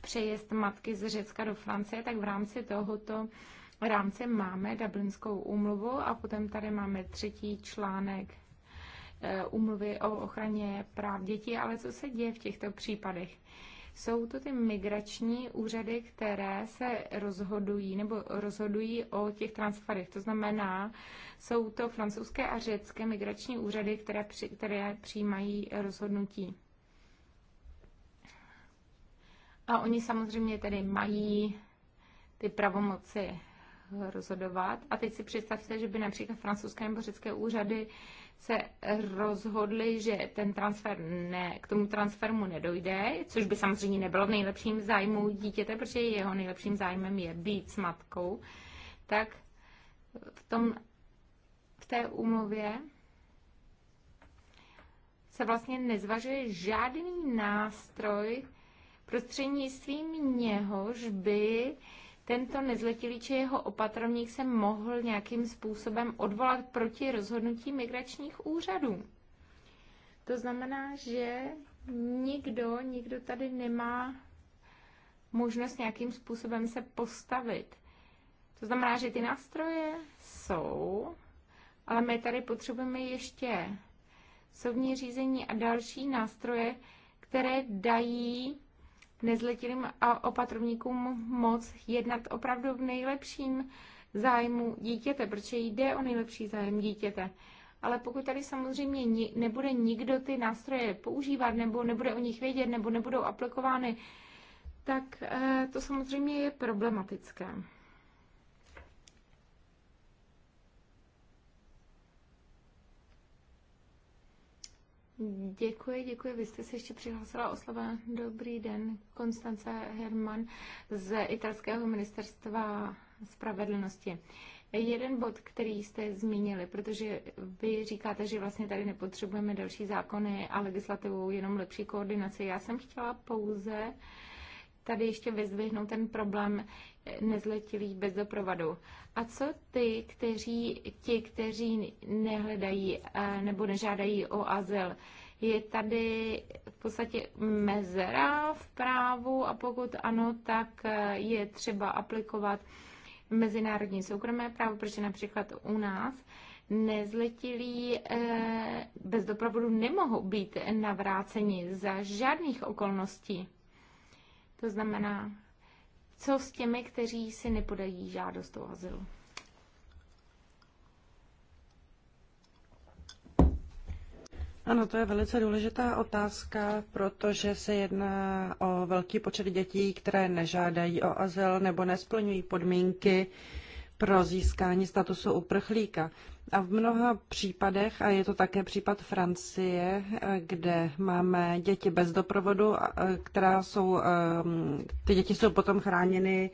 Speaker 3: přejezd matky z Řecka do Francie, tak v rámci tohoto rámce máme Dublinskou úmluvu a potom tady máme třetí článek eh, úmluvy o ochraně práv dětí, ale co se děje v těchto případech? Jsou to ty migrační úřady, které se rozhodují nebo rozhodují o těch transferech. To znamená, jsou to francouzské a řecké migrační úřady, které, při, které přijímají rozhodnutí. A oni samozřejmě tedy mají ty pravomoci rozhodovat. A teď si představte, že by například francouzské nebo řecké úřady se rozhodly, že ten transfer ne, k tomu transfermu nedojde, což by samozřejmě nebylo v nejlepším zájmu dítěte, protože jeho nejlepším zájmem je být s matkou, tak v, tom, v té úmluvě se vlastně nezvažuje žádný nástroj, Prostřednictvím něhož by tento nezletilý či jeho opatrovník se mohl nějakým způsobem odvolat proti rozhodnutí migračních úřadů. To znamená, že nikdo, nikdo tady nemá možnost nějakým způsobem se postavit. To znamená, že ty nástroje jsou, ale my tady potřebujeme ještě soudní řízení a další nástroje, které dají nezletilým a opatrovníkům moc jednat opravdu v nejlepším zájmu dítěte, protože jde o nejlepší zájem dítěte. Ale pokud tady samozřejmě nebude nikdo ty nástroje používat, nebo nebude o nich vědět, nebo nebudou aplikovány, tak eh, to samozřejmě je problematické. Děkuji, děkuji. Vy jste se ještě přihlásila o slova. Dobrý den, Konstance Herman z italského ministerstva spravedlnosti. Jeden bod, který jste zmínili, protože vy říkáte, že vlastně tady nepotřebujeme další zákony a legislativu, jenom lepší koordinaci. Já jsem chtěla pouze uh, tady ještě vyzvihnu ten problém nezletilých bez doprovodu. A co ty, kteří, ti, kteří nehledají eh, nebo nežádají o azyl? Je tady v podstatě mezera v právu a pokud ano, tak eh, je třeba aplikovat mezinárodní soukromé právo, protože například u nás nezletilí eh, bez doprovodu nemohou být navráceni za žádných okolností. To znamená, co s těmi, kteří si nepodají žádost o azyl?
Speaker 1: Ano, to je velice důležitá otázka, protože se jedná o velký počet dětí, které nežádají o azyl nebo nesplňují podmínky pro získání statusu uprchlíka. A v mnoha případech, a je to také případ Francie, eh, kde máme děti bez doprovodu, eh, která jsou, ehm, ty děti jsou potom chráněny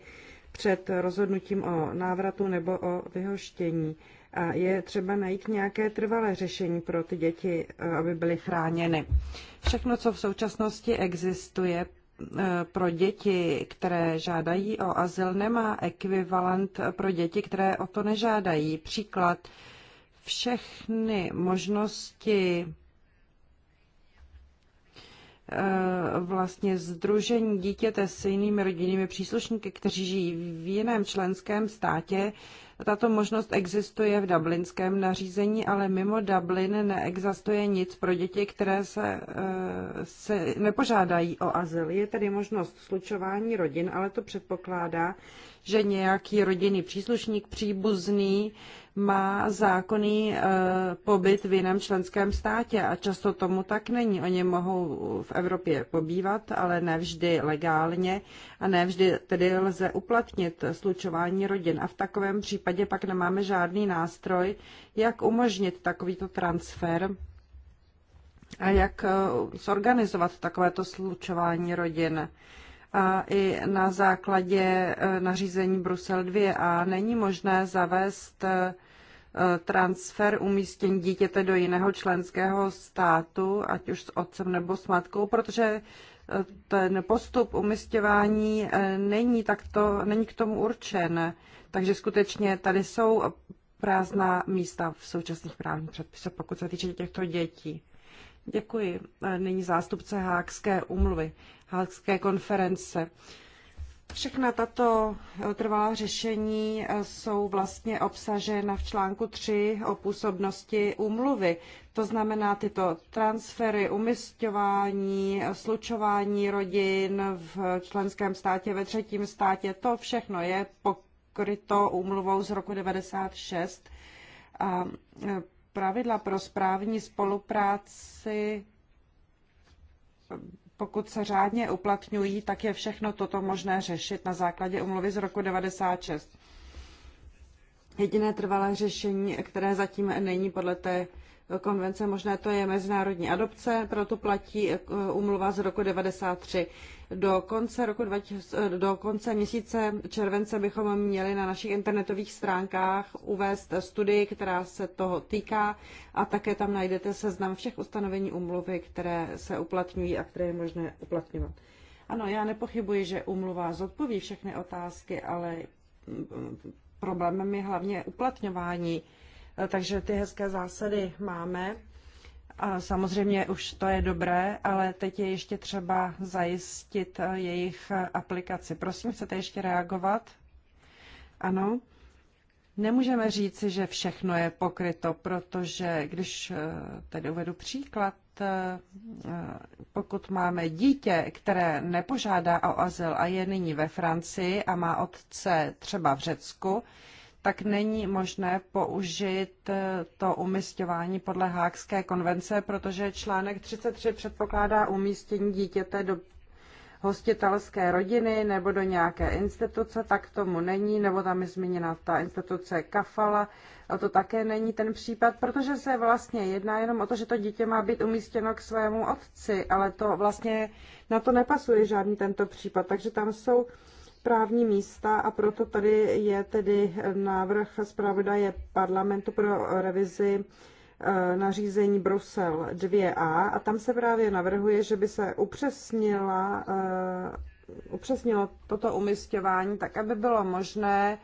Speaker 1: před rozhodnutím o návratu nebo o vyhoštění. A je třeba najít nějaké trvalé řešení pro ty děti, eh, aby byly chráněny. Všechno, co v současnosti existuje pro děti, které žádají o azyl, nemá ekvivalent pro děti, které o to nežádají. Příklad všechny možnosti eh, vlastně združení dítěte s jinými rodinnými příslušníky, kteří žijí v jiném členském státě. Tato možnost existuje v dublinském nařízení, ale mimo Dublin neexistuje nic pro děti, které se, eh, se nepožádají o azyl. Je tedy možnost slučování rodin, ale to předpokládá, že nějaký rodinný příslušník, příbuzný má zákonný eh, pobyt v jiném členském státě a často tomu tak není. Oni mohou v Evropě pobývat, ale ne vždy legálně a ne vždy tedy lze uplatnit slučování rodin. A v takovém případě pak nemáme žádný nástroj, jak umožnit takovýto transfer a jak eh, zorganizovat takovéto slučování rodin a i na základě eh, nařízení Brusel 2 a není možné zavést transfer umístění dítěte do jiného členského státu, ať už s otcem nebo s matkou, protože eh, ten postup umístěvání eh, není, takto, není k tomu určen. Takže skutečně tady jsou prázdná místa v současných právních předpisech, pokud se týče těchto dětí. Děkuji. Eh, nyní zástupce Hákské umluvy, Hákské konference. Všechna tato eh, trvalá řešení eh, jsou vlastně obsažena v článku 3 o působnosti úmluvy. To znamená tyto transfery, umistování, eh, slučování rodin v členském státě, ve třetím státě, to všechno je pokryto úmluvou z roku 96. A pravidla pro správní spolupráci pokud se řádně uplatňují, tak je všechno toto možné řešit na základě umluvy z roku 96. Jediné trvalé řešení, které zatím není podle té konvence možné, to je mezinárodní adopce, proto platí eh, umluva z roku 93. Do konce, roku 20, eh, do konce měsíce července bychom měli na našich internetových stránkách uvést studii, která se toho týká a také tam najdete seznam všech ustanovení umluvy, které se uplatňují a které je možné uplatňovat. Ano, já nepochybuji, že umluva zodpoví všechny otázky, ale mm, mm, problémem je hlavně uplatňování. Eh, takže ty hezké zásady máme. A samozřejmě už to je dobré, ale teď je ještě třeba zajistit eh, jejich eh, aplikaci. Prosím, chcete ještě reagovat? Ano. Nemůžeme říci, že všechno je pokryto, protože když tedy uvedu příklad, pokud máme dítě, které nepožádá o azyl a je nyní ve Francii a má otce třeba v Řecku, tak není možné použít eh, to umistování podle Hákské konvence, protože článek 33 předpokládá umístění dítěte do hostitelské rodiny nebo do nějaké instituce, tak tomu není, nebo tam je zmíněna ta instituce kafala, a to také není ten případ, protože se vlastně jedná jenom o to, že to dítě má být umístěno k svému otci, ale to vlastně na to nepasuje žádný tento případ, takže tam jsou správní místa a proto tady je tedy návrh zpravodaje parlamentu pro revizi eh, nařízení Brusel 2a a tam se právě navrhuje, že by se upřesnila, eh, upřesnilo toto umístěvání, tak, aby bylo možné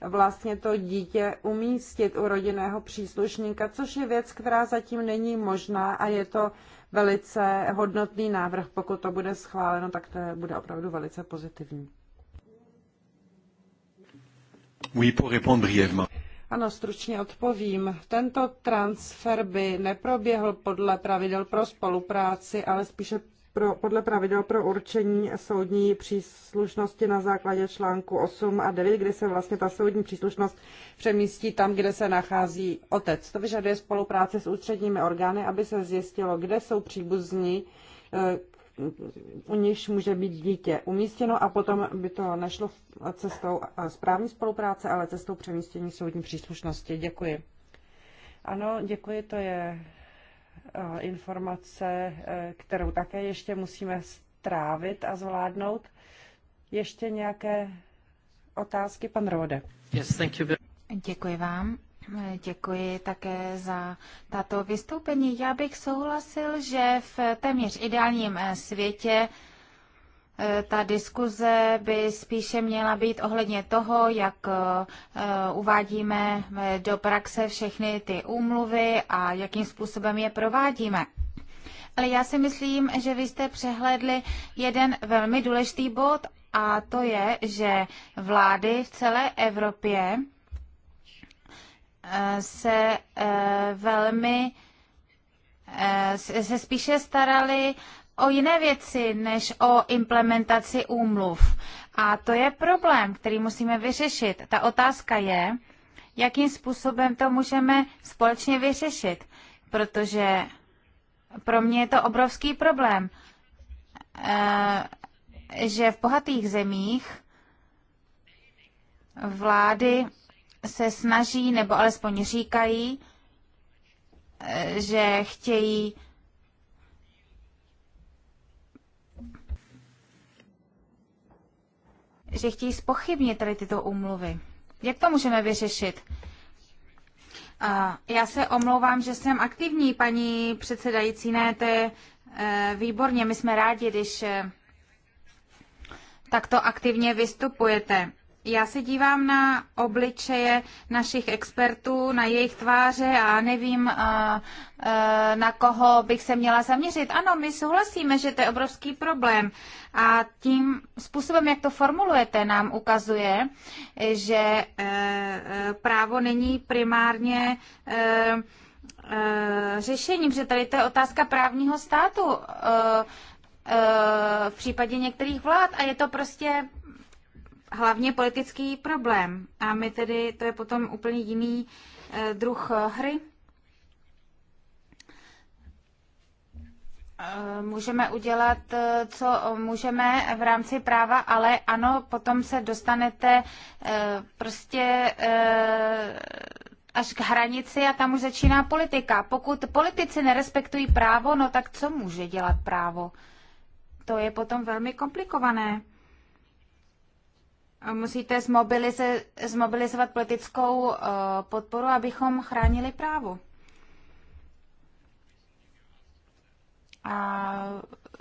Speaker 1: vlastně to dítě umístit u rodinného příslušníka, což je věc, která zatím není možná a je to velice hodnotný návrh. Pokud to bude schváleno, tak to bude opravdu velice pozitivní. Oui, pour répondre brièvement. Ano, stručně odpovím. Tento transfer by neproběhl podle pravidel pro spolupráci, ale spíše pro, podle pravidel pro určení soudní příslušnosti na základě článku 8 a 9, kde se vlastně ta soudní příslušnost přemístí tam, kde se nachází otec. To vyžaduje spolupráci s ústředními orgány, aby se zjistilo, kde jsou příbuzní, eh, u níž může být dítě umístěno a potom by to nešlo cestou eh, správní spolupráce, ale cestou přemístění soudní příslušnosti. Děkuji. Ano, děkuji, to je eh, informace, eh, kterou také ještě musíme strávit a zvládnout. Ještě nějaké otázky, pan Rode. Yes, thank you.
Speaker 2: Děkuji vám. Děkuji také za tato vystoupení. Já bych souhlasil, že v téměř ideálním eh, světě eh, ta diskuze by spíše měla být ohledně toho, jak eh, uvádíme do praxe všechny ty úmluvy a jakým způsobem je provádíme. Ale já si myslím, že vy jste přehledli jeden velmi důležitý bod a to je, že vlády v celé Evropě se eh, velmi eh, se spíše starali o jiné věci než o implementaci úmluv. A to je problém, který musíme vyřešit. Ta otázka je, jakým způsobem to můžeme společně vyřešit, protože pro mě je to obrovský problém, eh, že v bohatých zemích vlády se snaží, nebo alespoň říkají, eh, že chtějí že chtějí spochybnit tady tyto úmluvy. Jak to můžeme vyřešit? Já se omlouvám, že jsem aktivní, paní předsedající, ne, to je eh, výborně, my jsme rádi, když eh, takto aktivně vystupujete. Já se dívám na obličeje našich expertů, na jejich tváře a nevím, eh, eh, na koho bych se měla zaměřit. Ano, my souhlasíme, že to je obrovský problém. A tím způsobem, jak to formulujete, nám ukazuje, že eh, právo není primárně řešením, že tady to je otázka právního státu v případě některých vlád a je to prostě hlavně politický problém. A my tedy, to je potom úplně jiný eh, druh eh, hry. Eh, můžeme udělat, co můžeme v rámci práva, ale ano, potom se dostanete prostě až k hranici a tam už začíná politika. Pokud politici nerespektují právo, no tak co může dělat právo? To je potom velmi komplikované. Musíte zmobilize, zmobilizovat politickou eh, podporu, abychom chránili právo. A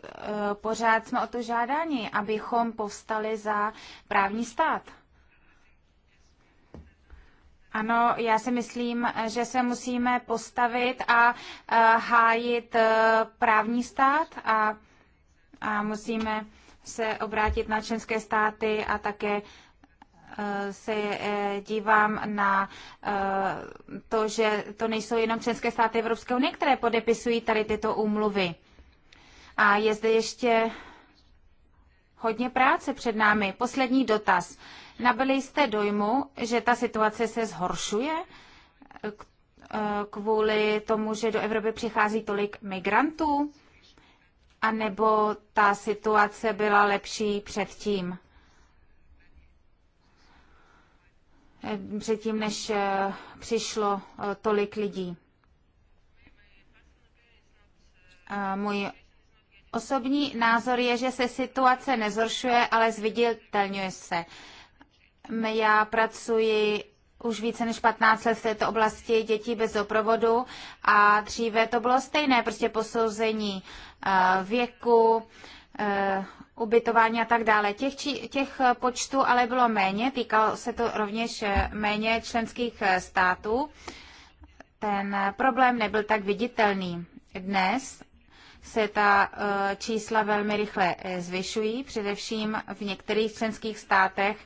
Speaker 2: eh, pořád jsme o to žádání, abychom povstali za právní stát. Ano, já si myslím, že se musíme postavit a eh, hájit právní stát a, a musíme se obrátit na členské státy a také eh, se eh, dívám na eh, to, že to nejsou jenom členské státy Evropské unie, které podepisují tady tyto úmluvy. A je zde ještě hodně práce před námi. Poslední dotaz. Nabyli jste dojmu, že ta situace se zhoršuje kvůli tomu, že do Evropy přichází tolik migrantů? A nebo ta situace byla lepší předtím? Předtím, než eh, přišlo eh, tolik lidí. Eh, můj osobní názor je, že se situace nezhoršuje, ale zviditelňuje se. Já pracuji už více než 15 let v této oblasti dětí bez doprovodu a dříve to bylo stejné, prostě posouzení eh, věku, eh, ubytování a tak dále. Těch, či, těch počtů ale bylo méně, týkalo se to rovněž eh, méně členských států. Ten problém nebyl tak viditelný. Dnes se ta čísla velmi rychle zvyšují, především v některých členských státech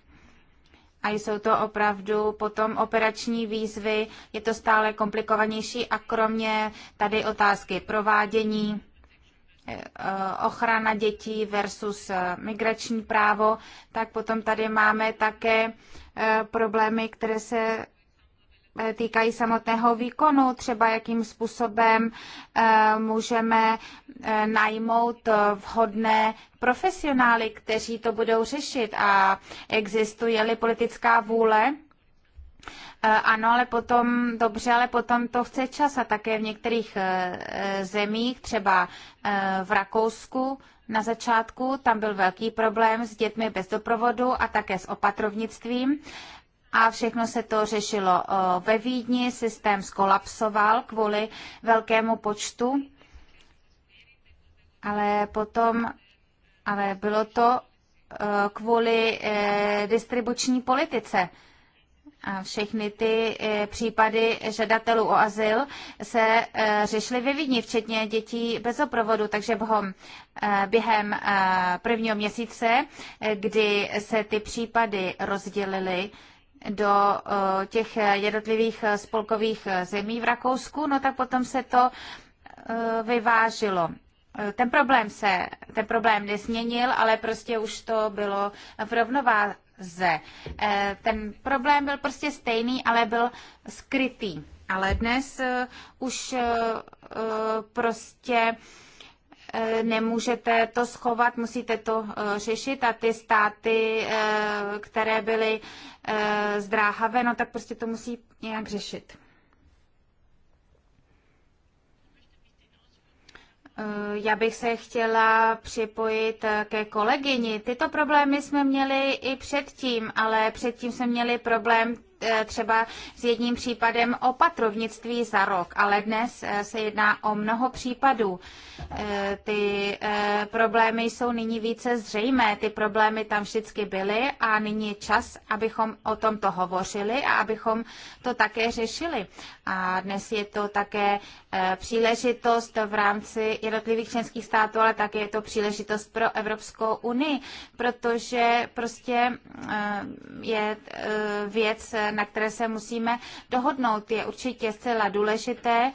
Speaker 2: a jsou to opravdu potom operační výzvy, je to stále komplikovanější a kromě tady otázky provádění, eh, eh, ochrana dětí versus eh, migrační právo, tak potom tady máme také problémy, které se E, týkají samotného výkonu, třeba jakým způsobem e, můžeme e, najmout vhodné profesionály, kteří to budou řešit a existuje-li politická vůle. Ano, ale potom, dobře, ale potom to chce čas a také v některých zemích, třeba v Rakousku, na začátku tam byl velký problém s dětmi bez doprovodu a také s opatrovnictvím a všechno se to řešilo ve Vídni. Systém skolapsoval kvůli velkému počtu, ale potom, ale bylo to kvůli e, distribuční politice. A všechny ty e, případy žadatelů o azyl se e, řešily ve Vídni, včetně dětí bez oprovodu, takže během, během prvního měsíce, kdy se ty případy rozdělily, do eh, těch jednotlivých eh, spolkových eh, zemí v Rakousku, no tak potom se to vyvážilo. Ten problém se, ten problém nezměnil, ale prostě už to bylo v rovnováze. Ten problém byl prostě stejný, ale byl skrytý. Ale dnes už prostě E, nemůžete to schovat, musíte to e, řešit a ty státy, e, které byly zdráhavé, no tak prostě to musí nějak řešit. Já bych se chtěla připojit ke kolegyni. Tyto problémy jsme měli i předtím, ale předtím jsme měli problém E, třeba s jedním případem opatrovnictví za rok, ale dnes e, se jedná o mnoho případů. E, ty problémy jsou nyní více zřejmé, ty problémy tam vždycky byly a nyní je čas, abychom o tomto hovořili a abychom to také řešili. A dnes je to také příležitost v rámci jednotlivých členských států, ale také je to příležitost pro Evropskou unii, protože prostě je věc, na které se musíme dohodnout. Je určitě zcela důležité,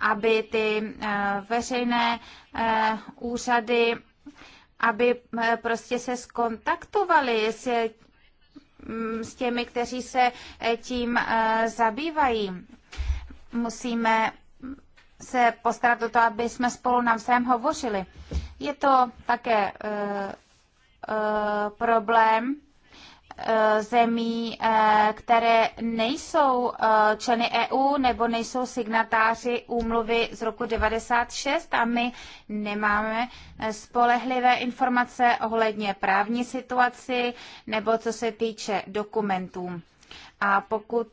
Speaker 2: aby ty eh, veřejné eh, úřady aby eh, prostě se skontaktovali s, mm, s těmi, kteří se tím zabývají. Musíme se postarat o to, aby jsme spolu navzájem hovořili. Je to také problém Eh, zemí, eh, které nejsou eh, členy EU nebo nejsou signatáři úmluvy z roku 96 a my nemáme spolehlivé informace ohledně právní situaci nebo co se týče dokumentů. A pokud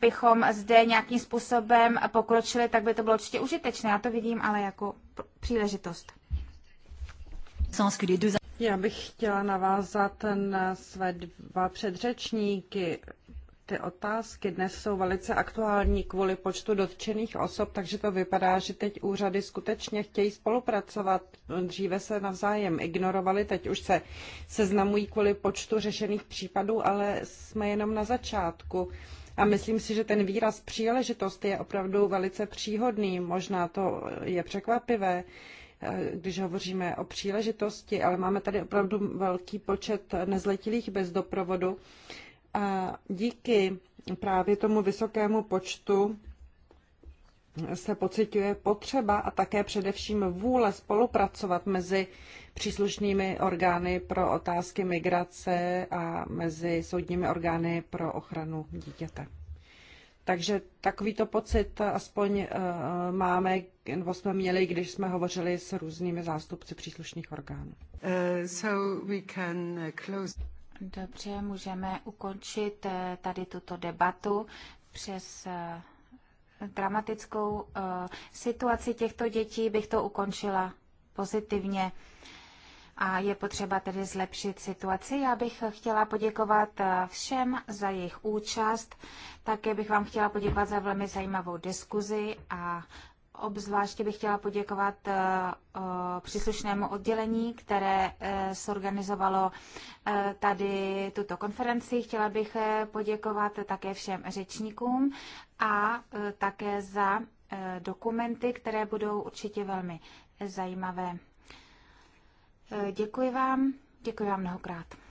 Speaker 2: bychom zde nějakým způsobem pokročili, tak by to bylo určitě užitečné. Já to vidím ale jako
Speaker 1: příležitost.
Speaker 2: Sens que les deux
Speaker 1: já bych chtěla navázat na své dva předřečníky. Ty otázky dnes jsou velice aktuální kvůli počtu dotčených osob, takže to vypadá, že teď úřady skutečně chtějí spolupracovat. Dříve se navzájem ignorovali, teď už se seznamují kvůli počtu řešených případů, ale jsme jenom na začátku. A myslím si, že ten výraz příležitost je opravdu velice příhodný. Možná to je překvapivé, Eh, když hovoříme o příležitosti, ale máme tady opravdu velký počet nezletilých bez doprovodu. A díky právě tomu vysokému počtu se pociťuje potřeba a také především vůle spolupracovat mezi příslušnými orgány pro otázky migrace a mezi soudními orgány pro ochranu dítěte. Takže takovýto pocit aspoň eh, máme, nebo jsme měli, když jsme hovořili s různými zástupci příslušných orgánů. Eh, eh,
Speaker 2: Dobře, můžeme ukončit tady tuto debatu přes dramatickou situaci těchto dětí bych to ukončila pozitivně a je potřeba tedy zlepšit situaci. Já bych chtěla poděkovat eh, všem za jejich účast, také bych vám chtěla poděkovat za velmi zajímavou diskuzi a Obzvláště bych chtěla poděkovat eh, příslušnému oddělení, které sorganizovalo eh, tady tuto konferenci. Chtěla bych poděkovat také všem řečníkům a také za dokumenty, které budou určitě velmi zajímavé. Eh, děkuji vám, děkuji vám mnohokrát.